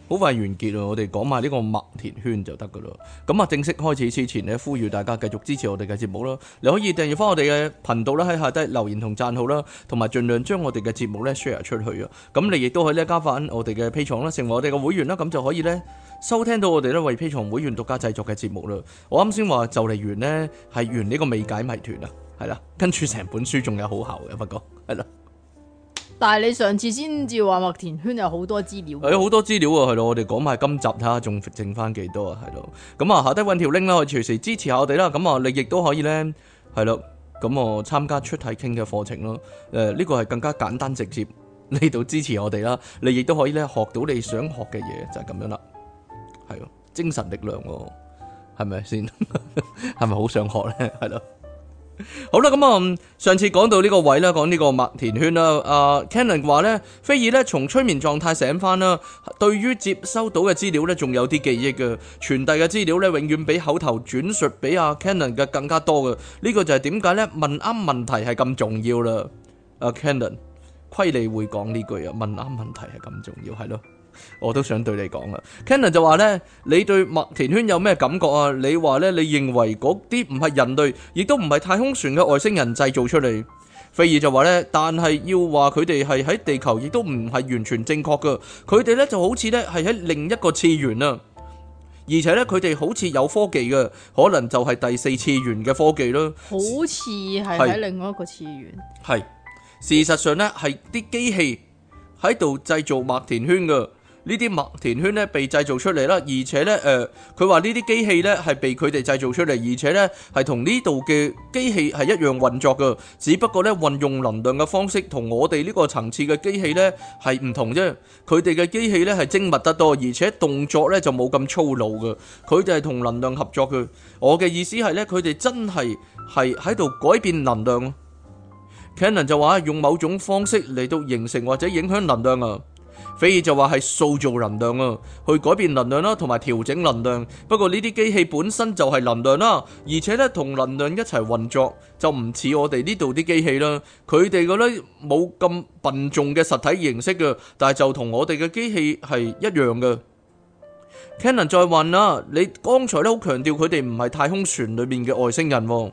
好快完結啊！我哋講埋呢個麥田圈就得噶啦。咁啊，正式開始之前呢，呼籲大家繼續支持我哋嘅節目啦。你可以訂閱翻我哋嘅頻道啦，喺下低留言同贊好啦，同埋儘量將我哋嘅節目咧 share 出去啊。咁你亦都可以咧加翻我哋嘅 P 廠啦，成為我哋嘅會員啦，咁就可以咧收聽到我哋咧為 P 廠會員獨家製作嘅節目啦。我啱先話就嚟完呢，係完呢個未解謎團啊！係啦，跟住成本書仲有好厚嘅，發覺係咯。但係你上次先至話麥田圈有好多資料、欸、料，有好多資料啊，係咯。我哋講埋今集，睇下仲剩翻幾多啊，係咯。咁、嗯、啊，下低搵條 link 啦，隨時支持下我哋啦。咁啊，你亦都可以咧，係咯。咁我參加出體傾嘅課程咯。誒、呃、呢、這個係更加簡單直接，呢度支持我哋啦。你亦都可以咧學到你想學嘅嘢，就係、是、咁樣啦。係咯，精神力量咯，係咪先？係咪好想學咧？係咯。好啦，咁、嗯、啊，上次講到呢個位啦，講呢個麥田圈啦，阿 Cannon 話呢，飛爾呢，從催眠狀態醒翻啦，對於接收到嘅資料呢，仲有啲記憶嘅，傳遞嘅資料呢，永遠比口頭轉述畀阿 Cannon 嘅更加多嘅，呢、這個就係點解呢？問啱問題係咁重要啦，阿 Cannon 虧你會講呢句啊，問啱問題係咁重要，係咯。我都想對你講啊。Cannon 就話呢：「你對麥田圈有咩感覺啊？你話呢，你認為嗰啲唔係人類，亦都唔係太空船嘅外星人製造出嚟？菲爾就話呢，但係要話佢哋係喺地球，亦都唔係完全正確噶。佢哋呢就好似呢係喺另一個次元啊，而且呢，佢哋好似有科技噶，可能就係第四次元嘅科技咯。好似係喺另外一個次元，係。事實上呢，係啲機器喺度製造麥田圈噶。呢啲麥田圈咧被製造出嚟啦，而且咧，誒，佢話呢啲機器咧係被佢哋製造出嚟，而且咧係同呢度嘅機器係一樣運作㗎，只不過咧運用能量嘅方式同我哋呢個層次嘅機器咧係唔同啫。佢哋嘅機器咧係精密得多，而且動作咧就冇咁粗魯嘅。佢哋係同能量合作嘅。我嘅意思係咧，佢哋真係係喺度改變能量。Cannon 就話用某種方式嚟到形成或者影響能量啊。菲爾就話係塑造能量啊，去改變能量啦，同埋調整能量。不過呢啲機器本身就係能量啦，而且咧同能量一齊運作，就唔似我哋呢度啲機器啦。佢哋嗰啲冇咁笨重嘅實體形式嘅，但係就同我哋嘅機器係一樣嘅。Canon 再問啦，你剛才都好強調佢哋唔係太空船裏面嘅外星人喎？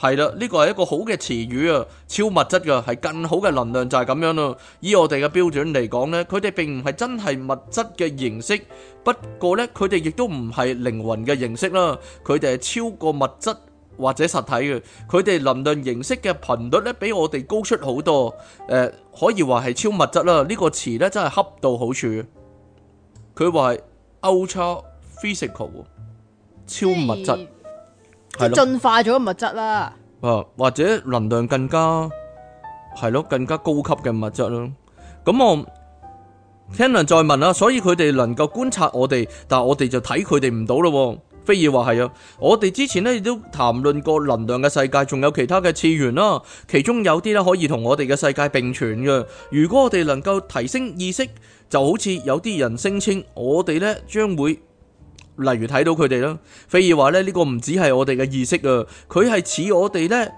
係啦，呢、這個係一個好嘅詞語啊，超物質噶，係更好嘅能量就係咁樣咯。以我哋嘅標準嚟講呢，佢哋並唔係真係物質嘅形式，不過呢，佢哋亦都唔係靈魂嘅形式啦，佢哋係超過物質或者實體嘅，佢哋能量形式嘅頻率呢，比我哋高出好多，誒、呃，可以話係超物質啦。呢、這個詞呢，真係恰到好處。佢話係 ultra physical 超物質。即係進化咗物質啦，啊或者能量更加係咯，更加高級嘅物質咯。咁、嗯、我聽人再問啦，所以佢哋能夠觀察我哋，但係我哋就睇佢哋唔到咯。非爾話係啊，我哋之前咧亦都談論過能量嘅世界，仲有其他嘅次元啦，其中有啲咧可以同我哋嘅世界並存嘅。如果我哋能夠提升意識，就好似有啲人聲稱，我哋咧將會。例如睇到佢哋咯，非爾話咧，呢個唔只係我哋嘅意識啊，佢係似我哋咧，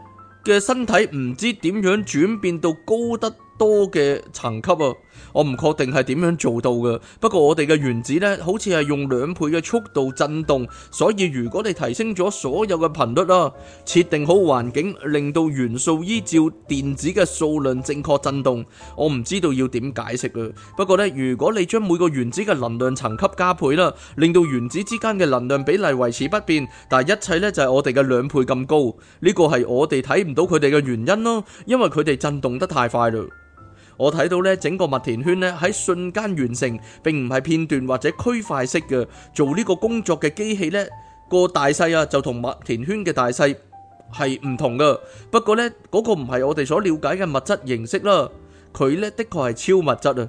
嘅身體唔知點樣轉變到高得多嘅層級啊！我唔確定係點樣做到嘅，不過我哋嘅原子咧，好似係用兩倍嘅速度震動，所以如果你提升咗所有嘅頻率啦，設定好環境，令到元素依照電子嘅數量正確震動，我唔知道要點解釋啦。不過咧，如果你將每個原子嘅能量層級加倍啦，令到原子之間嘅能量比例維持不變，但係一切咧就係我哋嘅兩倍咁高，呢個係我哋睇唔到佢哋嘅原因咯，因為佢哋震動得太快嘞。我睇到咧，整個麥田圈咧喺瞬間完成，並唔係片段或者區塊式嘅。做呢個工作嘅機器咧，個大細啊就同麥田圈嘅大細係唔同噶。不過咧，嗰個唔係我哋所了解嘅物質形式啦，佢咧的確係超物質啊。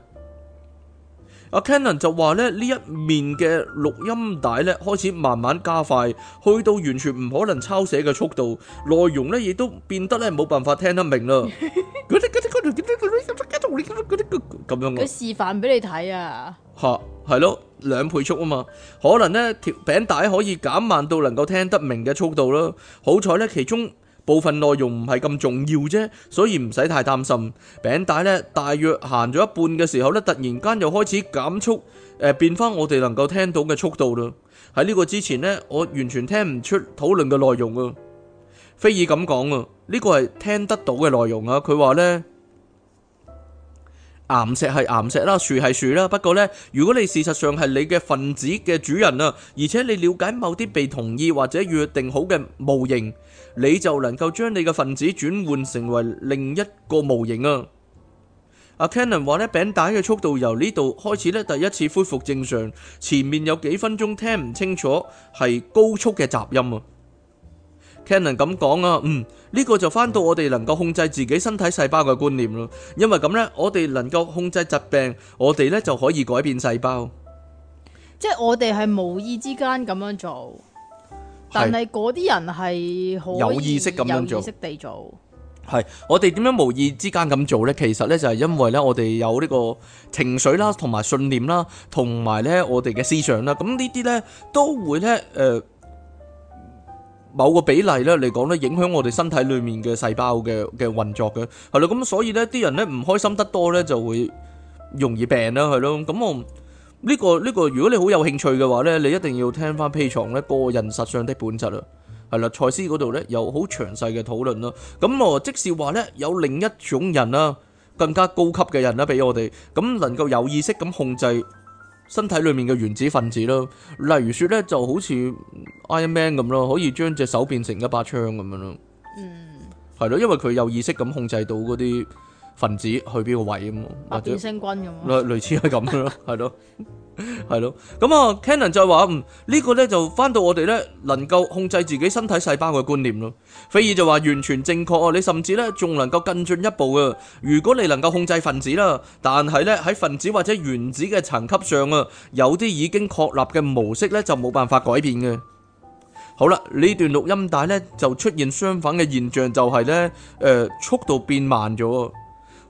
阿 Canon 就話咧，呢一面嘅錄音帶咧，開始慢慢加快，去到完全唔可能抄寫嘅速度，內容咧亦都變得咧冇辦法聽得明啦。咁樣嘅。佢示範俾你睇啊。嚇，係咯，兩倍速啊嘛，可能咧條餅帶可以減慢到能夠聽得明嘅速度咯。好彩咧，其中。部分內容唔係咁重要啫，所以唔使太擔心。餅帶呢，大約行咗一半嘅時候呢，突然間又開始減速，誒，變翻我哋能夠聽到嘅速度啦。喺呢個之前呢，我完全聽唔出討論嘅內容啊。菲爾咁講啊，呢個係聽得到嘅內容啊。佢話呢，岩石係岩石啦，樹係樹啦，不過呢，如果你事實上係你嘅分子嘅主人啊，而且你了解某啲被同意或者約定好嘅模型。你就能夠將你嘅分子轉換成為另一個模型啊！阿 Cannon 話，呢餅底嘅速度由呢度開始，呢第一次恢復正常。前面有幾分鐘聽唔清楚，係高速嘅雜音啊，Cannon 咁講啊，嗯，呢、這個就翻到我哋能夠控制自己身體細胞嘅觀念咯。因為咁呢，我哋能夠控制疾病，我哋呢就可以改變細胞。即係我哋係無意之間咁樣做。但係嗰啲人係有意識咁樣做，有意識地做。係我哋點樣無意之間咁做呢？其實呢就係因為呢，我哋有呢個情緒啦，同埋信念啦，同埋呢我哋嘅思想啦。咁呢啲呢都會呢誒某個比例呢嚟講呢，影響我哋身體裏面嘅細胞嘅嘅運作嘅。係咯，咁所以呢啲人呢唔開心得多呢，就會容易病啦。係咯，咁我。呢、這個呢、這個，如果你好有興趣嘅話呢，你一定要聽翻披床咧個人實相的本質啦。係啦，賽斯嗰度咧有好詳細嘅討論咯。咁、嗯、我即是話咧，有另一種人啦，更加高級嘅人啦，俾我哋咁能夠有意識咁控制身體裏面嘅原子分子咯。例如說呢，就好似 Iron Man 咁咯，可以將隻手變成一把槍咁樣咯。嗯，係咯，因為佢有意識咁控制到嗰啲。分子去邊個位咁啊？或變星軍咁啊？類類似係咁咯，係咯， 係咯。咁啊 Canon 就話嗯，呢個咧就翻到我哋咧能夠控制自己身體細胞嘅觀念咯。菲爾就話完全正確啊！你甚至咧仲能夠更進一步啊。如果你能夠控制分子啦，但係咧喺分子或者原子嘅層級上啊，有啲已經確立嘅模式咧就冇辦法改變嘅。好啦，呢段錄音帶咧就出現相反嘅現象就呢，就係咧誒速度變慢咗。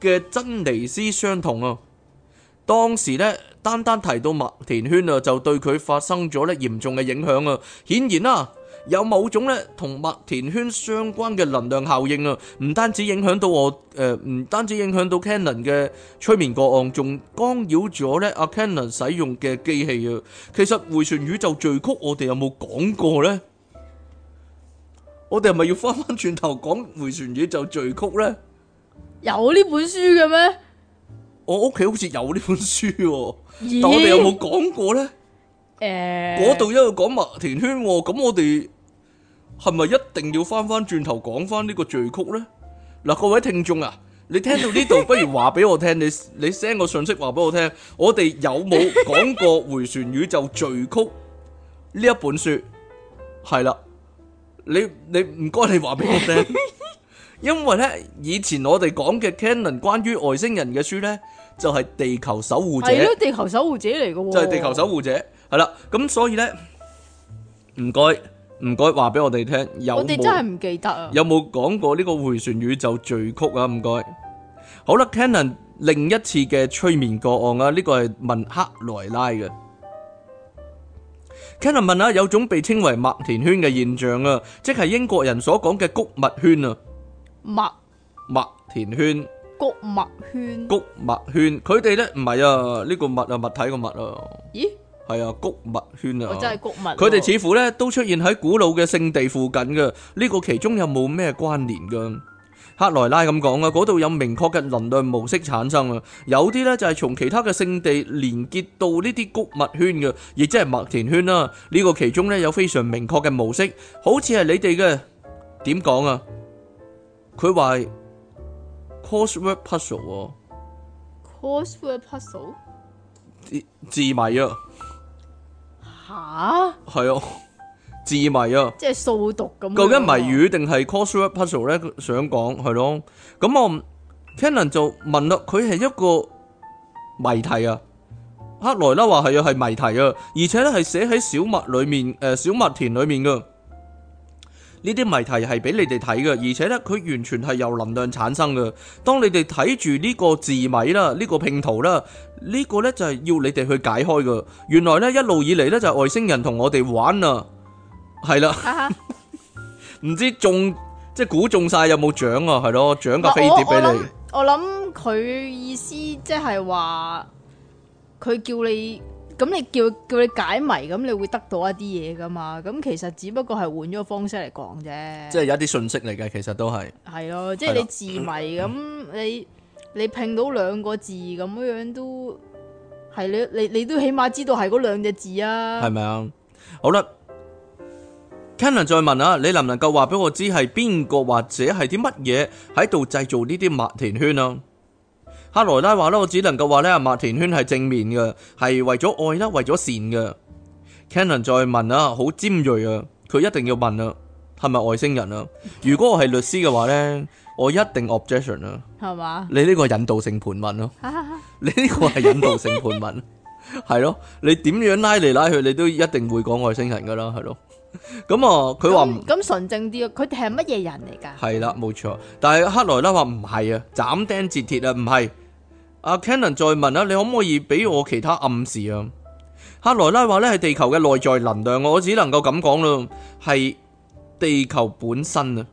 嘅珍妮斯相同啊，當時呢單單提到麥田圈啊，就對佢發生咗呢嚴重嘅影響啊！顯然啊，有某種呢同麥田圈相關嘅能量效應啊，唔單止影響到我誒，唔、呃、單止影響到 Cannon 嘅催眠個案，仲干擾咗呢阿、啊、Cannon 使用嘅機器啊！其實回旋宇宙序曲我哋有冇講過呢？我哋係咪要翻翻轉頭講回旋宇宙序曲呢？有呢本書嘅咩？我屋企好似有呢本書，哦，欸、但我哋有冇講過咧？誒、欸，度一路講麥田圈，哦，咁我哋係咪一定要翻翻轉頭講翻呢個序曲咧？嗱、啊，各位聽眾啊，你聽到呢度， 不如話俾我聽，你你 send 個信息話俾我聽，我哋有冇講過《回旋宇宙序曲》呢一本書？係啦，你你唔該，你話俾我聽。 因為咧，以前我哋講嘅 Canon 關於外星人嘅書咧，就係地球守護者係咯，地球守護者嚟嘅喎，就係地球守護者，係啦。咁所以咧，唔該，唔該，話俾我哋聽，有冇？我哋真係唔記得啊！有冇講過呢個迴旋宇宙序曲啊？唔該。好啦，Canon 另一次嘅催眠個案啊，呢個係問克萊拉嘅。Canon 問下，有種被稱為麥田圈嘅現象啊，即係英國人所講嘅谷物圈啊。麥麥田圈穀物圈穀物圈，佢哋咧唔係啊，呢個物啊，物體個物啊，咦，係啊，穀物圈啊，我真係穀物，佢哋似乎咧都出現喺古老嘅聖地附近噶，呢個其中有冇咩關聯噶？克萊拉咁講啊，嗰度有明確嘅能量模式產生啊，有啲咧就係從其他嘅聖地連結到呢啲穀物圈噶，亦即係麥田圈啦，呢個其中咧有非常明確嘅模式，好似係你哋嘅點講啊？佢話：crossword puzzle 喎，crossword puzzle，字字謎啊！吓哈？係啊，字謎啊，即係數獨咁。究竟謎語定係 crossword puzzle 咧？ 想講係咯。咁我 Cannon 就問啦，佢係一個謎題啊。克萊拉話係啊，係謎題啊，而且咧係寫喺小麥裡面，誒、呃、小麥田裡面嘅。呢啲謎題係俾你哋睇嘅，而且呢，佢完全係由能量產生嘅。當你哋睇住呢個字謎啦，呢個拼圖啦，呢個呢，就係要你哋去解開嘅。原來呢，一路以嚟呢，就係外星人同我哋玩啊，係啦。唔 知中即係估中晒有冇獎啊？係咯，獎個飛碟俾你。我諗佢意思即係話，佢叫你。咁你叫叫你解謎，咁你會得到一啲嘢噶嘛？咁其實只不過係換咗個方式嚟講啫。即係有一啲信息嚟嘅，其實都係。係咯，即係你字謎咁， 你你拼到兩個字咁樣都係，你你你都起碼知道係嗰兩隻字啊？係咪啊？好啦，k e n n e n 再問啊，你能唔能夠話俾我知係邊個或者係啲乜嘢喺度製造呢啲麥田圈啊？哈萊拉話咧，我只能夠話咧，麥田圈係正面嘅，係為咗愛啦，為咗善嘅。Cannon 再問啊，好尖鋭啊，佢一定要問啊，係咪外星人啊？如果我係律師嘅話咧，我一定 objection 啊，係嘛？你呢個引導性盤問咯，你呢個係引導性盤問，係咯？你點樣拉嚟拉去，你都一定會講外星人㗎啦，係咯？咁說啊，佢話咁純正啲啊。佢哋係乜嘢人嚟噶？係啦，冇錯。但係克萊拉話唔係啊，斬釘截鐵啊，唔係啊。Cannon 再問啦，你可唔可以俾我其他暗示啊？克萊拉話咧係地球嘅內在能量，我只能夠咁講咯，係地球本身啊。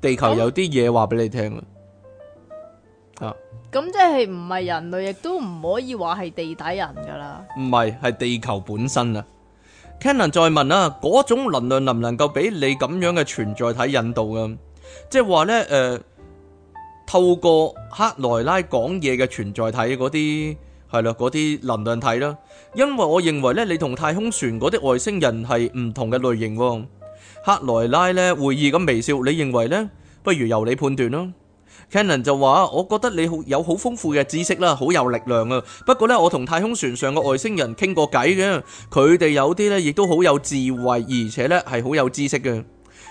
地球有啲嘢話俾你聽啊。咁即係唔係人類，亦都唔可以話係地底人噶啦？唔係，係地球本身啊。Canon 再問啊，嗰種能量能唔能夠俾你咁樣嘅存在體引導啊？即係話咧，誒，透過克萊拉講嘢嘅存在體嗰啲，係咯，嗰啲能量體啦。因為我認為咧，你同太空船嗰啲外星人係唔同嘅類型。克萊拉咧，會意咁微笑。你認為咧，不如由你判斷咯。Cannon 就話：我覺得你好有好豐富嘅知識啦，好有力量啊。不過呢，我同太空船上嘅外星人傾過偈嘅，佢哋有啲呢亦都好有智慧，而且呢係好有知識嘅。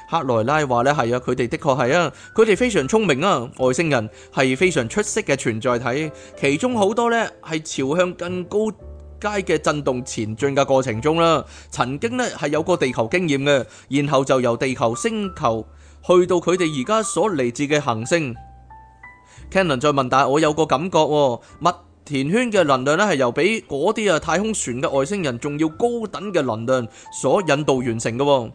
克萊拉話呢係啊，佢哋的確係啊，佢哋非常聰明啊，外星人係非常出色嘅存在體，其中好多呢係朝向更高階嘅震動前進嘅過程中啦。曾經呢係有過地球經驗嘅，然後就由地球星球去到佢哋而家所嚟自嘅行星。Canon 再問，但係我有個感覺喎、哦，麥田圈嘅能量咧係由比嗰啲啊太空船嘅外星人仲要高等嘅能量所引導完成嘅、哦。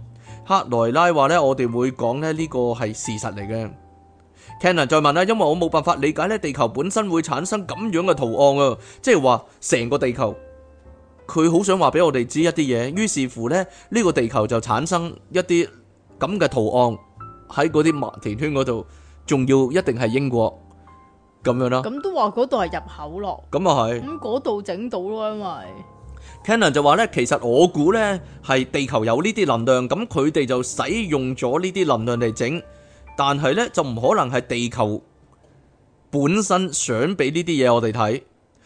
克萊拉話咧，我哋會講咧呢個係事實嚟嘅。Canon 再問咧，因為我冇辦法理解咧地球本身會產生咁樣嘅圖案啊，即係話成個地球佢好想話俾我哋知一啲嘢，於是乎咧呢、這個地球就產生一啲咁嘅圖案喺嗰啲麥田圈嗰度，仲要一定係英國。咁樣咯，咁都話嗰度係入口咯，咁啊係，咁嗰度整到咯，因為 Cannon 就話呢，其實我估呢係地球有呢啲能量，咁佢哋就使用咗呢啲能量嚟整，但係呢就唔可能係地球本身想俾呢啲嘢我哋睇，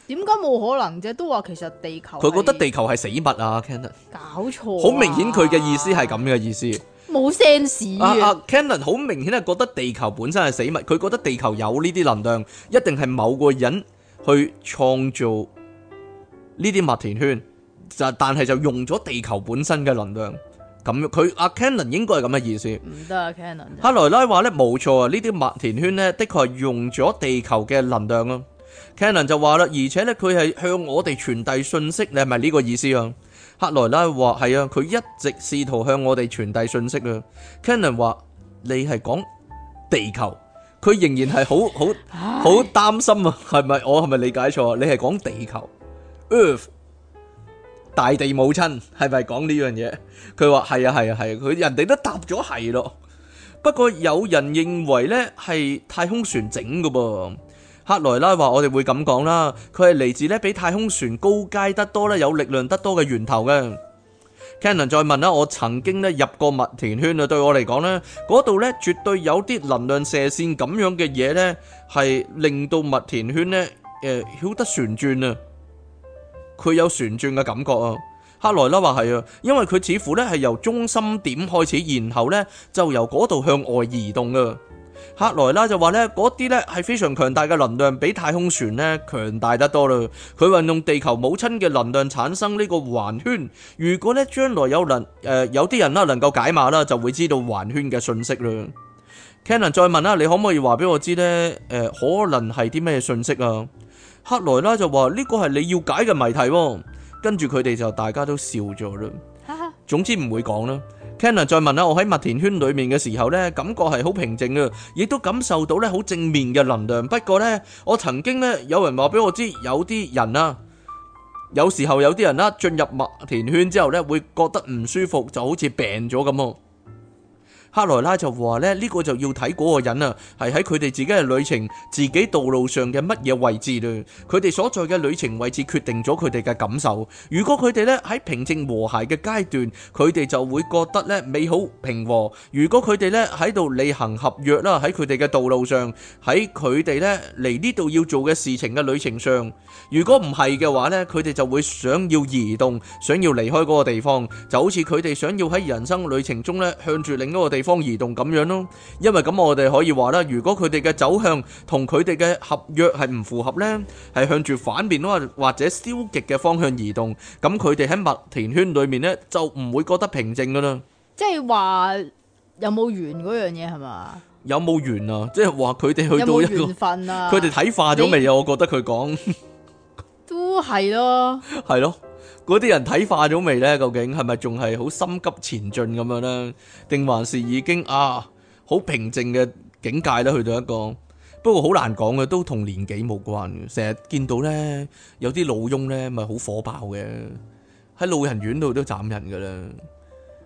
點解冇可能啫？都話其實地球，佢覺得地球係死物啊，Cannon 搞錯，好明顯佢嘅意思係咁嘅意思。冇 sense。阿阿 Canon 好明顯係覺得地球本身係死物，佢覺得地球有呢啲能量，一定係某個人去創造呢啲麥田圈，就但係就用咗地球本身嘅能量。咁佢阿 Canon 應該係咁嘅意思。唔得啊，Canon。克萊拉話咧冇錯啊，呢啲麥田圈咧的確係用咗地球嘅能量啊。Canon 就話啦，而且咧佢係向我哋傳遞信息，你係咪呢個意思啊？克萊拉話：係啊，佢一直試圖向我哋傳遞訊息啊。Cannon 話：你係講地球，佢仍然係好好好擔心啊。係咪我係咪理解錯？你係講地球 Earth，大地母親係咪講呢樣嘢？佢話：係啊，係啊，係啊，佢人哋都答咗係咯。不過有人認為呢係太空船整噶噃。克萊拉話：我哋會咁講啦，佢係嚟自咧比太空船高階得多咧，有力量得多嘅源頭嘅。Cannon 再問啦，我曾經咧入過麥田圈啊，對我嚟講咧，嗰度咧絕對有啲能量射線咁樣嘅嘢咧，係令到麥田圈咧誒曉得旋轉啊。佢有旋轉嘅感覺啊。克萊拉話係啊，因為佢似乎咧係由中心點開始，然後咧就由嗰度向外移動啊。克萊拉就話咧，嗰啲咧係非常強大嘅能量，比太空船咧強大得多啦。佢運用地球母親嘅能量產生呢個環圈。如果咧將來有、呃、有能誒，有啲人啦，能夠解碼啦，就會知道環圈嘅信息啦。Cannon 再問啦，你可唔可以話俾我知咧？誒、呃，可能係啲咩信息啊？克萊拉就話呢個係你要解嘅謎題。跟住佢哋就大家都笑咗啦。總之唔會講啦。Kenner 再問啦，我喺麥田圈裡面嘅時候呢，感覺係好平靜啊，亦都感受到呢好正面嘅能量。不過呢，我曾經呢，有人話畀我知，有啲人啊，有時候有啲人啊進入麥田圈之後呢，會覺得唔舒服，就好似病咗咁。克萊拉就話咧：呢個就要睇嗰個人啊，係喺佢哋自己嘅旅程、自己道路上嘅乜嘢位置啦。佢哋所在嘅旅程位置決定咗佢哋嘅感受。如果佢哋咧喺平靜和諧嘅階段，佢哋就會覺得咧美好平和。如果佢哋咧喺度履行合約啦，喺佢哋嘅道路上，喺佢哋咧嚟呢度要做嘅事情嘅旅程上，如果唔係嘅話咧，佢哋就會想要移動，想要離開嗰個地方。就好似佢哋想要喺人生旅程中咧，向住另一個地方。方移動咁樣咯，因為咁我哋可以話啦，如果佢哋嘅走向同佢哋嘅合約係唔符合咧，係向住反面啊，或者消極嘅方向移動，咁佢哋喺麥田圈裏面咧就唔會覺得平靜噶啦。即係話有冇緣嗰樣嘢係嘛？有冇緣啊？即係話佢哋去到一個，佢哋睇化咗未啊？我覺得佢講都係咯，係咯。嗰啲人睇化咗未呢？究竟係咪仲係好心急前進咁樣呢？定還是已經啊好平靜嘅境界咧？去到一個，不過好難講嘅，都同年紀冇關嘅。成日見到呢，有啲老翁呢咪好火爆嘅，喺老人院度都斬人噶啦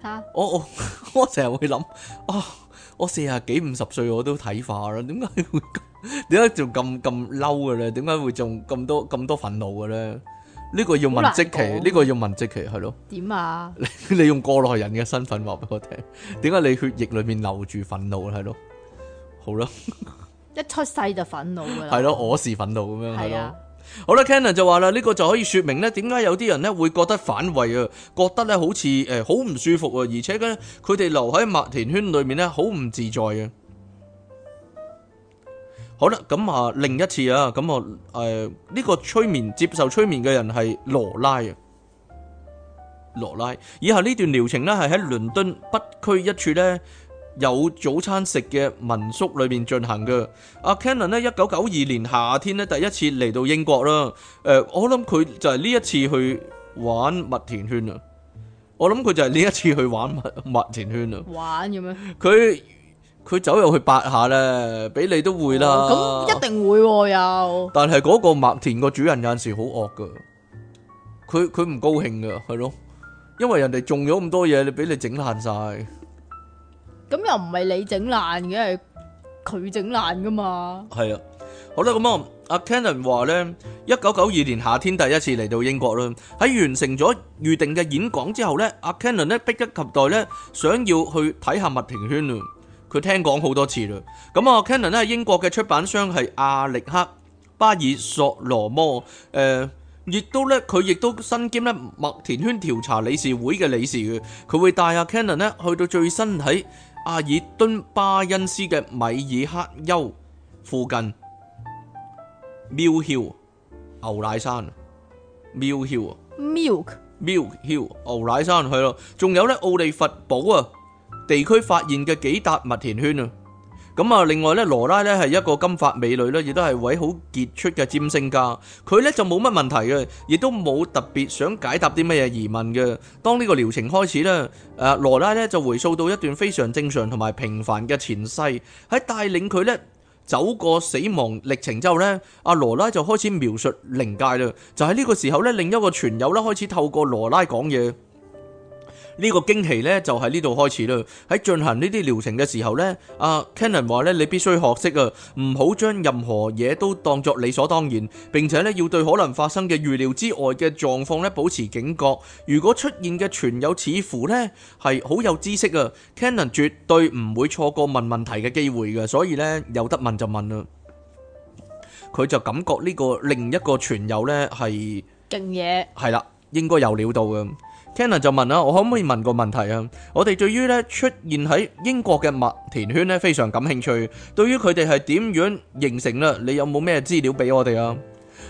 嚇！我我我成日會諗啊，我四啊幾五十歲我都睇化啦，點解會咁點解仲咁咁嬲嘅咧？點解會仲咁多咁多憤怒嘅咧？呢個要問積奇，呢個要問積奇，係咯？點啊？ 你用過來人嘅身份話俾我聽，點解你血液裏面留住憤怒？係咯？好啦， 一出世就憤怒㗎啦。係咯，我是憤怒咁樣係咯。啊、好啦，Cannon 就話啦，呢、這個就可以説明咧，點解有啲人咧會覺得反胃啊，覺得咧好似誒好唔舒服啊，而且咧佢哋留喺麥田圈裏面咧好唔自在啊。好啦，咁、嗯、啊，另一次啊，咁、嗯、啊，誒、這、呢個催眠接受催眠嘅人係羅拉啊，羅拉。以下呢段療程呢，係喺倫敦北區一處呢，有早餐食嘅民宿裏面進行嘅。阿 Cannon 呢，一九九二年夏天呢，第一次嚟到英國啦。誒、嗯，我諗佢就係呢一次去玩麥田圈啊。我諗佢就係呢一次去玩麥田圈啊。玩咁咩？佢。佢走入去八下咧，俾你都會啦。咁一定會又。但係嗰個麥田個主人有陣時好惡噶，佢佢唔高興噶，係咯，因為人哋種咗咁多嘢，你俾你整爛晒。咁又唔係你整爛嘅，係佢整爛噶嘛。係啊，好啦，咁啊，阿 Kenan 話咧，一九九二年夏天第一次嚟到英國啦，喺完成咗預定嘅演講之後咧，阿 Kenan 咧迫不及待咧，想要去睇下麥田圈啦。佢聽講好多次啦，咁啊，Cannon 咧係英國嘅出版商係阿力克巴爾索羅摩，誒，亦都咧佢亦都身兼咧麥田圈調查理事會嘅理事嘅，佢會帶啊 Cannon 咧去到最新喺阿爾敦巴恩斯嘅米爾克丘附近 Milk Hill，牛奶山 Milk Hill 啊，Milk Milk Hill 牛奶山去咯，仲有咧奧利佛堡啊地區發現嘅幾笪麥田圈啊！咁啊，另外咧，羅拉咧係一個金髮美女咧，亦都係位好傑出嘅占星家。佢咧就冇乜問題嘅，亦都冇特別想解答啲乜嘢疑問嘅。當呢個療程開始咧，誒，羅拉咧就回溯到一段非常正常同埋平凡嘅前世，喺帶領佢咧走過死亡歷程之後咧，阿羅拉就開始描述靈界啦。就喺呢個時候咧，另一個傳友咧開始透過羅拉講嘢。呢個驚奇呢，就喺呢度開始啦！喺進行呢啲療程嘅時候呢，啊 Cannon 話呢，你必須學識啊，唔好將任何嘢都當作理所當然。並且呢，要對可能發生嘅預料之外嘅狀況呢，保持警覺。如果出現嘅存有似乎呢係好有知識啊，Cannon 絕對唔會錯過問問題嘅機會嘅，所以呢，有得問就問啦。佢就感覺呢個另一個存有呢係勁嘢，係啦野，應該有料到嘅。Kenner 就問啦，我可唔可以問個問題啊？我哋對於咧出現喺英國嘅麥田圈咧非常感興趣，對於佢哋係點樣形成啦？你有冇咩資料俾我哋啊？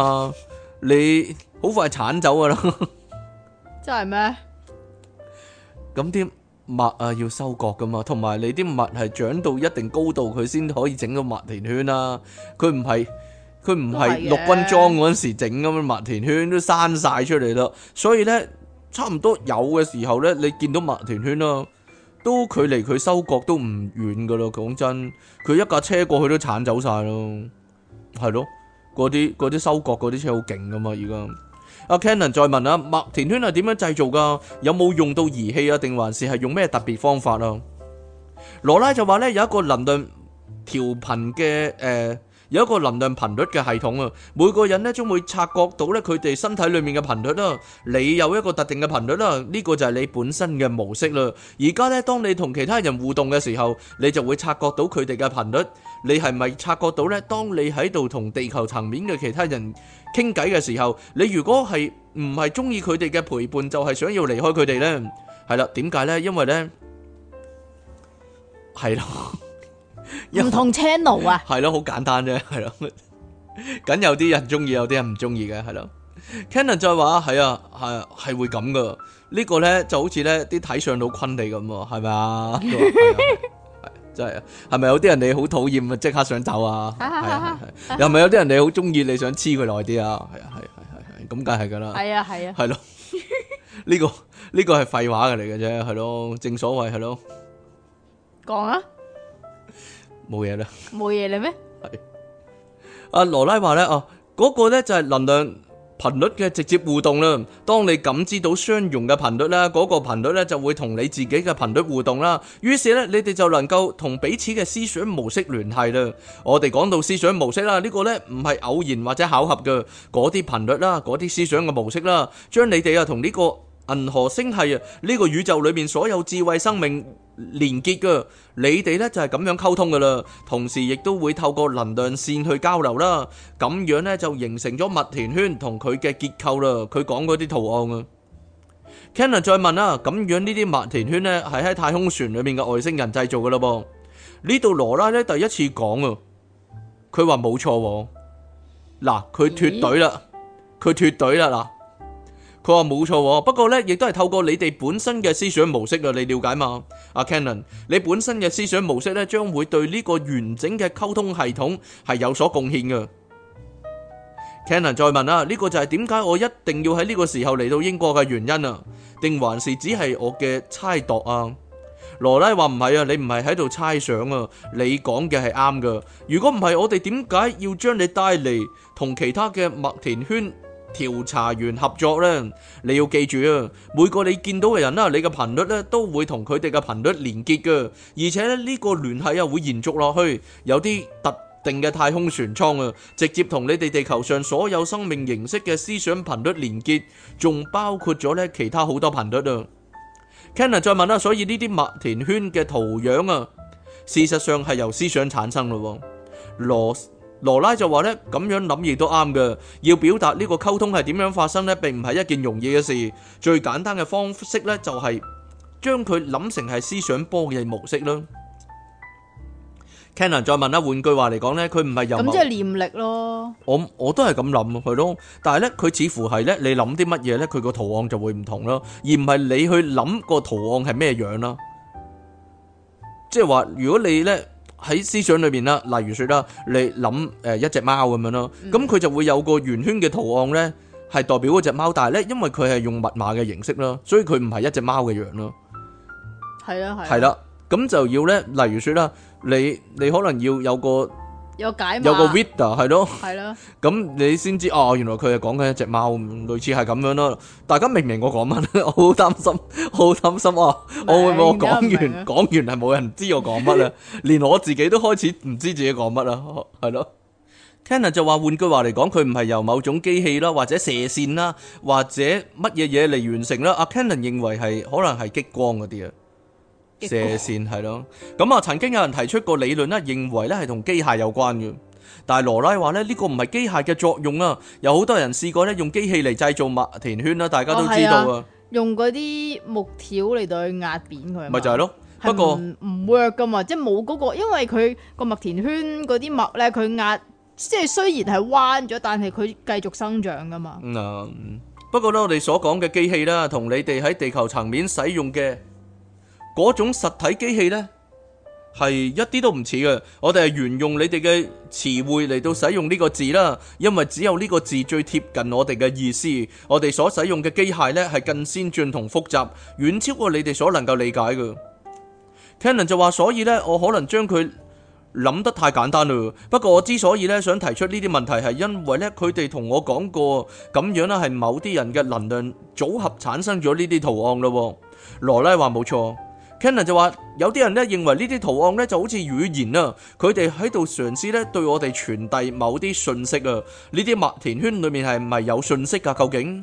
啊，你好快鏟走噶啦！真係咩？咁啲麥啊要收割噶嘛，同埋你啲麥係長到一定高度，佢先可以整到麥田圈啦。佢唔係佢唔係陸軍裝嗰陣時整噶咩？麥田圈都刪晒出嚟啦。所以咧，差唔多有嘅時候咧，你見到麥田圈啦，都距離佢收割都唔遠噶咯。講真，佢一架車過去都鏟走晒咯，係咯。嗰啲嗰啲收割嗰啲車好勁噶嘛？而家阿 Canon 再問啊，麥田圈係點樣製造㗎？有冇用到儀器啊？定還是係用咩特別方法啊？羅拉就話咧，有一個能量調頻嘅誒。呃有一個能量頻率嘅系統啊，每個人呢將會察覺到呢，佢哋身體裏面嘅頻率啦。你有一個特定嘅頻率啦，呢個就係你本身嘅模式啦。而家呢，當你同其他人互動嘅時候，你就會察覺到佢哋嘅頻率。你係咪察覺到呢？當你喺度同地球層面嘅其他人傾偈嘅時候，你如果係唔係中意佢哋嘅陪伴，就係想要離開佢哋呢？係啦，點解呢？因為呢，係咯。唔同 channel 啊，係咯，好簡單啫，係咯。咁有啲人中意，有啲人唔中意嘅，係咯。Canon 再話，係啊，係啊，係會咁噶。呢個咧就好似咧啲睇相佬坤你咁啊，係咪啊？係真係啊，係咪有啲人你好討厭啊，即刻想走啊？係係係，又係咪有啲人你好中意，你想黐佢耐啲啊？係啊係係係，咁梗係噶啦。係啊係啊，係咯。呢個呢個係廢話嘅嚟嘅啫，係咯。正所謂係咯，講啊。冇嘢啦，冇嘢啦咩？係阿羅拉話咧，哦，啊，嗰個咧就係能量頻率嘅直接互動啦。當你感知到相容嘅頻率咧，嗰個頻率咧就會同你自己嘅頻率互動啦。於是咧，你哋就能夠同彼此嘅思想模式聯繫啦。我哋講到思想模式啦，呢個咧唔係偶然或者巧合嘅嗰啲頻率啦，嗰啲思想嘅模式啦，將你哋啊同呢個。銀河星系啊，呢個宇宙裏面所有智慧生命連結嘅，你哋呢就係咁樣溝通噶啦，同時亦都會透過能量線去交流啦。咁樣呢就形成咗麥田圈同佢嘅結構啦。佢講嗰啲圖案啊，Cannon 再問啦，咁樣呢啲麥田圈咧係喺太空船裏面嘅外星人製造嘅咯噃？呢度羅拉呢第一次講啊，佢話冇錯喎。嗱，佢脫隊啦，佢脫隊啦嗱。佢話冇錯喎，不過呢，亦都係透過你哋本身嘅思想模式啊，你了解嗎？阿、啊、Canon，你本身嘅思想模式呢，將會對呢個完整嘅溝通系統係有所貢獻嘅。Canon 再問啦、啊，呢、這個就係點解我一定要喺呢個時候嚟到英國嘅原因啊？定還是只係我嘅猜度啊？羅拉話唔係啊，你唔係喺度猜想啊，你講嘅係啱嘅。如果唔係，我哋點解要將你帶嚟同其他嘅麥田圈？調查員合作咧，你要記住啊！每個你見到嘅人啦，你嘅頻率咧都會同佢哋嘅頻率連結嘅，而且呢個聯繫啊會延續落去。有啲特定嘅太空船艙啊，直接同你哋地球上所有生命形式嘅思想頻率連結，仲包括咗咧其他好多頻率啊。Cannon 再問啦，所以呢啲麥田圈嘅圖樣啊，事實上係由思想產生咯，羅。羅拉就話咧，咁樣諗亦都啱嘅。要表達呢個溝通係點樣發生咧，並唔係一件容易嘅事。最簡單嘅方式咧，就係將佢諗成係思想波嘅模式咯。Cannon 再問啦，換句話嚟講咧，佢唔係又冇，咁即係念力咯。我我都係咁諗，係咯。但係咧，佢似乎係咧，你諗啲乜嘢咧，佢個圖案就會唔同咯，而唔係你去諗個圖案係咩樣咯。即係話，如果你咧。喺思想裏面啦，例如說啦，你諗誒、呃、一隻貓咁樣咯，咁佢、嗯、就會有個圓圈嘅圖案咧，係代表嗰隻貓，但係咧，因為佢係用密碼嘅形式咯，所以佢唔係一隻貓嘅樣咯，係啦係啦，咁、啊啊、就要咧，例如說啦，你你可能要有個。有個 reader 係咯，係咯，咁你先知哦。原來佢係講緊一隻貓，類似係咁樣咯。大家明唔明我講乜？我好擔心，好擔心啊！我會唔會我講完講完係冇人知我講乜咧？連我自己都開始唔知自己講乜啦，係咯。Cannon 就話換句話嚟講，佢唔係由某種機器啦，或者射線啦，或者乜嘢嘢嚟完成啦。阿 Cannon 認為係可能係激光嗰啲啊。射線係咯，咁啊曾經有人提出個理論咧，認為咧係同機械有關嘅。但係羅拉話咧，呢個唔係機械嘅作用啊，有好多人試過咧用機器嚟製造麥田圈啦，大家都知道啊。用嗰啲木條嚟到去壓扁佢，咪就係咯。不過唔 work 噶嘛，即係冇嗰個，因為佢個麥田圈嗰啲麥咧，佢壓即係雖然係彎咗，但係佢繼續生長噶嘛。嗯，不過咧我哋所講嘅機器啦，同你哋喺地球層面使用嘅，嗰種實體機器呢，係一啲都唔似嘅。我哋係沿用你哋嘅詞彙嚟到使用呢個字啦，因為只有呢個字最貼近我哋嘅意思。我哋所使用嘅機械呢，係更先進同複雜，遠超過你哋所能夠理解嘅。Canon 就話：所以呢，我可能將佢諗得太簡單啦。不過我之所以呢想提出呢啲問題，係因為呢，佢哋同我講過咁樣呢係某啲人嘅能量組合產生咗呢啲圖案啦。羅拉話：冇錯。Cannon 就話：有啲人咧認為呢啲圖案就好似語言啊，佢哋喺度嘗試對我哋傳遞某啲訊息啊。呢啲麥田圈裡面係唔係有訊息啊？究竟？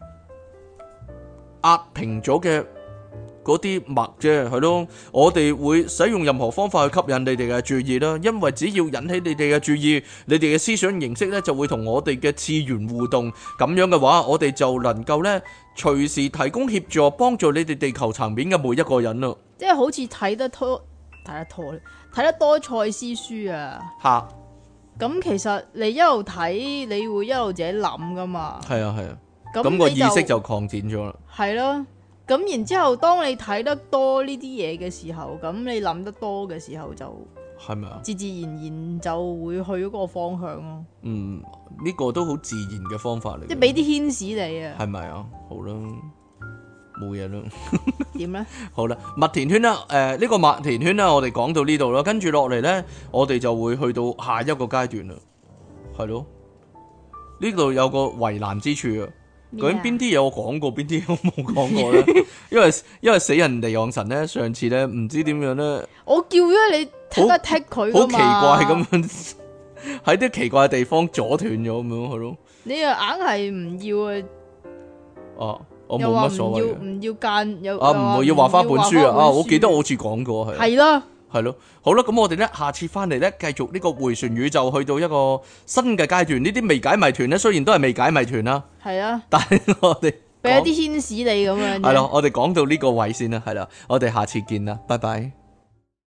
壓平咗嘅嗰啲麥啫，係咯，我哋會使用任何方法去吸引你哋嘅注意啦。因為只要引起你哋嘅注意，你哋嘅思想形式呢就會同我哋嘅次元互動。咁樣嘅話，我哋就能夠呢，隨時提供協助，幫助你哋地球層面嘅每一個人咯。即係好似睇得多睇得多睇得多菜詩書啊！吓下，咁其實你一路睇，你會一路自己諗噶嘛？係啊，係啊。咁個那意識就擴展咗啦吧，係咯。咁然之後，當你睇得多呢啲嘢嘅時候，咁你諗得多嘅時候就係咪啊？自自然然就會去嗰個方向咯。嗯，呢、這個都好自然嘅方法嚟。即係俾啲天使你 啊？係、呃、咪、這個、啊？好啦，冇嘢啦。點咧？好啦，麥田圈啦，誒，呢個麥田圈啦，我哋講到呢度啦，跟住落嚟咧，我哋就會去到下一個階段啦。係咯，呢度有個為難之處啊。究竟邊啲嘢我講過，邊啲我冇講過咧？ 因為因為死人地養神咧，上次咧唔知點樣咧，我叫咗你踢一踢佢好奇怪咁樣，喺啲 奇怪嘅地方阻斷咗咁樣係咯。你又硬係唔要啊？哦，我冇乜所謂嘅。唔要間有啊，唔要話翻本書啊！書啊，啊我記得我好似講過係。係啦的。係咯，好啦，咁我哋咧下次返嚟咧，繼續呢個迴旋宇宙去到一個新嘅階段。呢啲未解謎團咧，雖然都係未解謎團啦，係啊的，但係我哋俾一啲天使你咁樣。係咯，我哋講到呢個位先啦，係啦，我哋下次見啦，拜拜。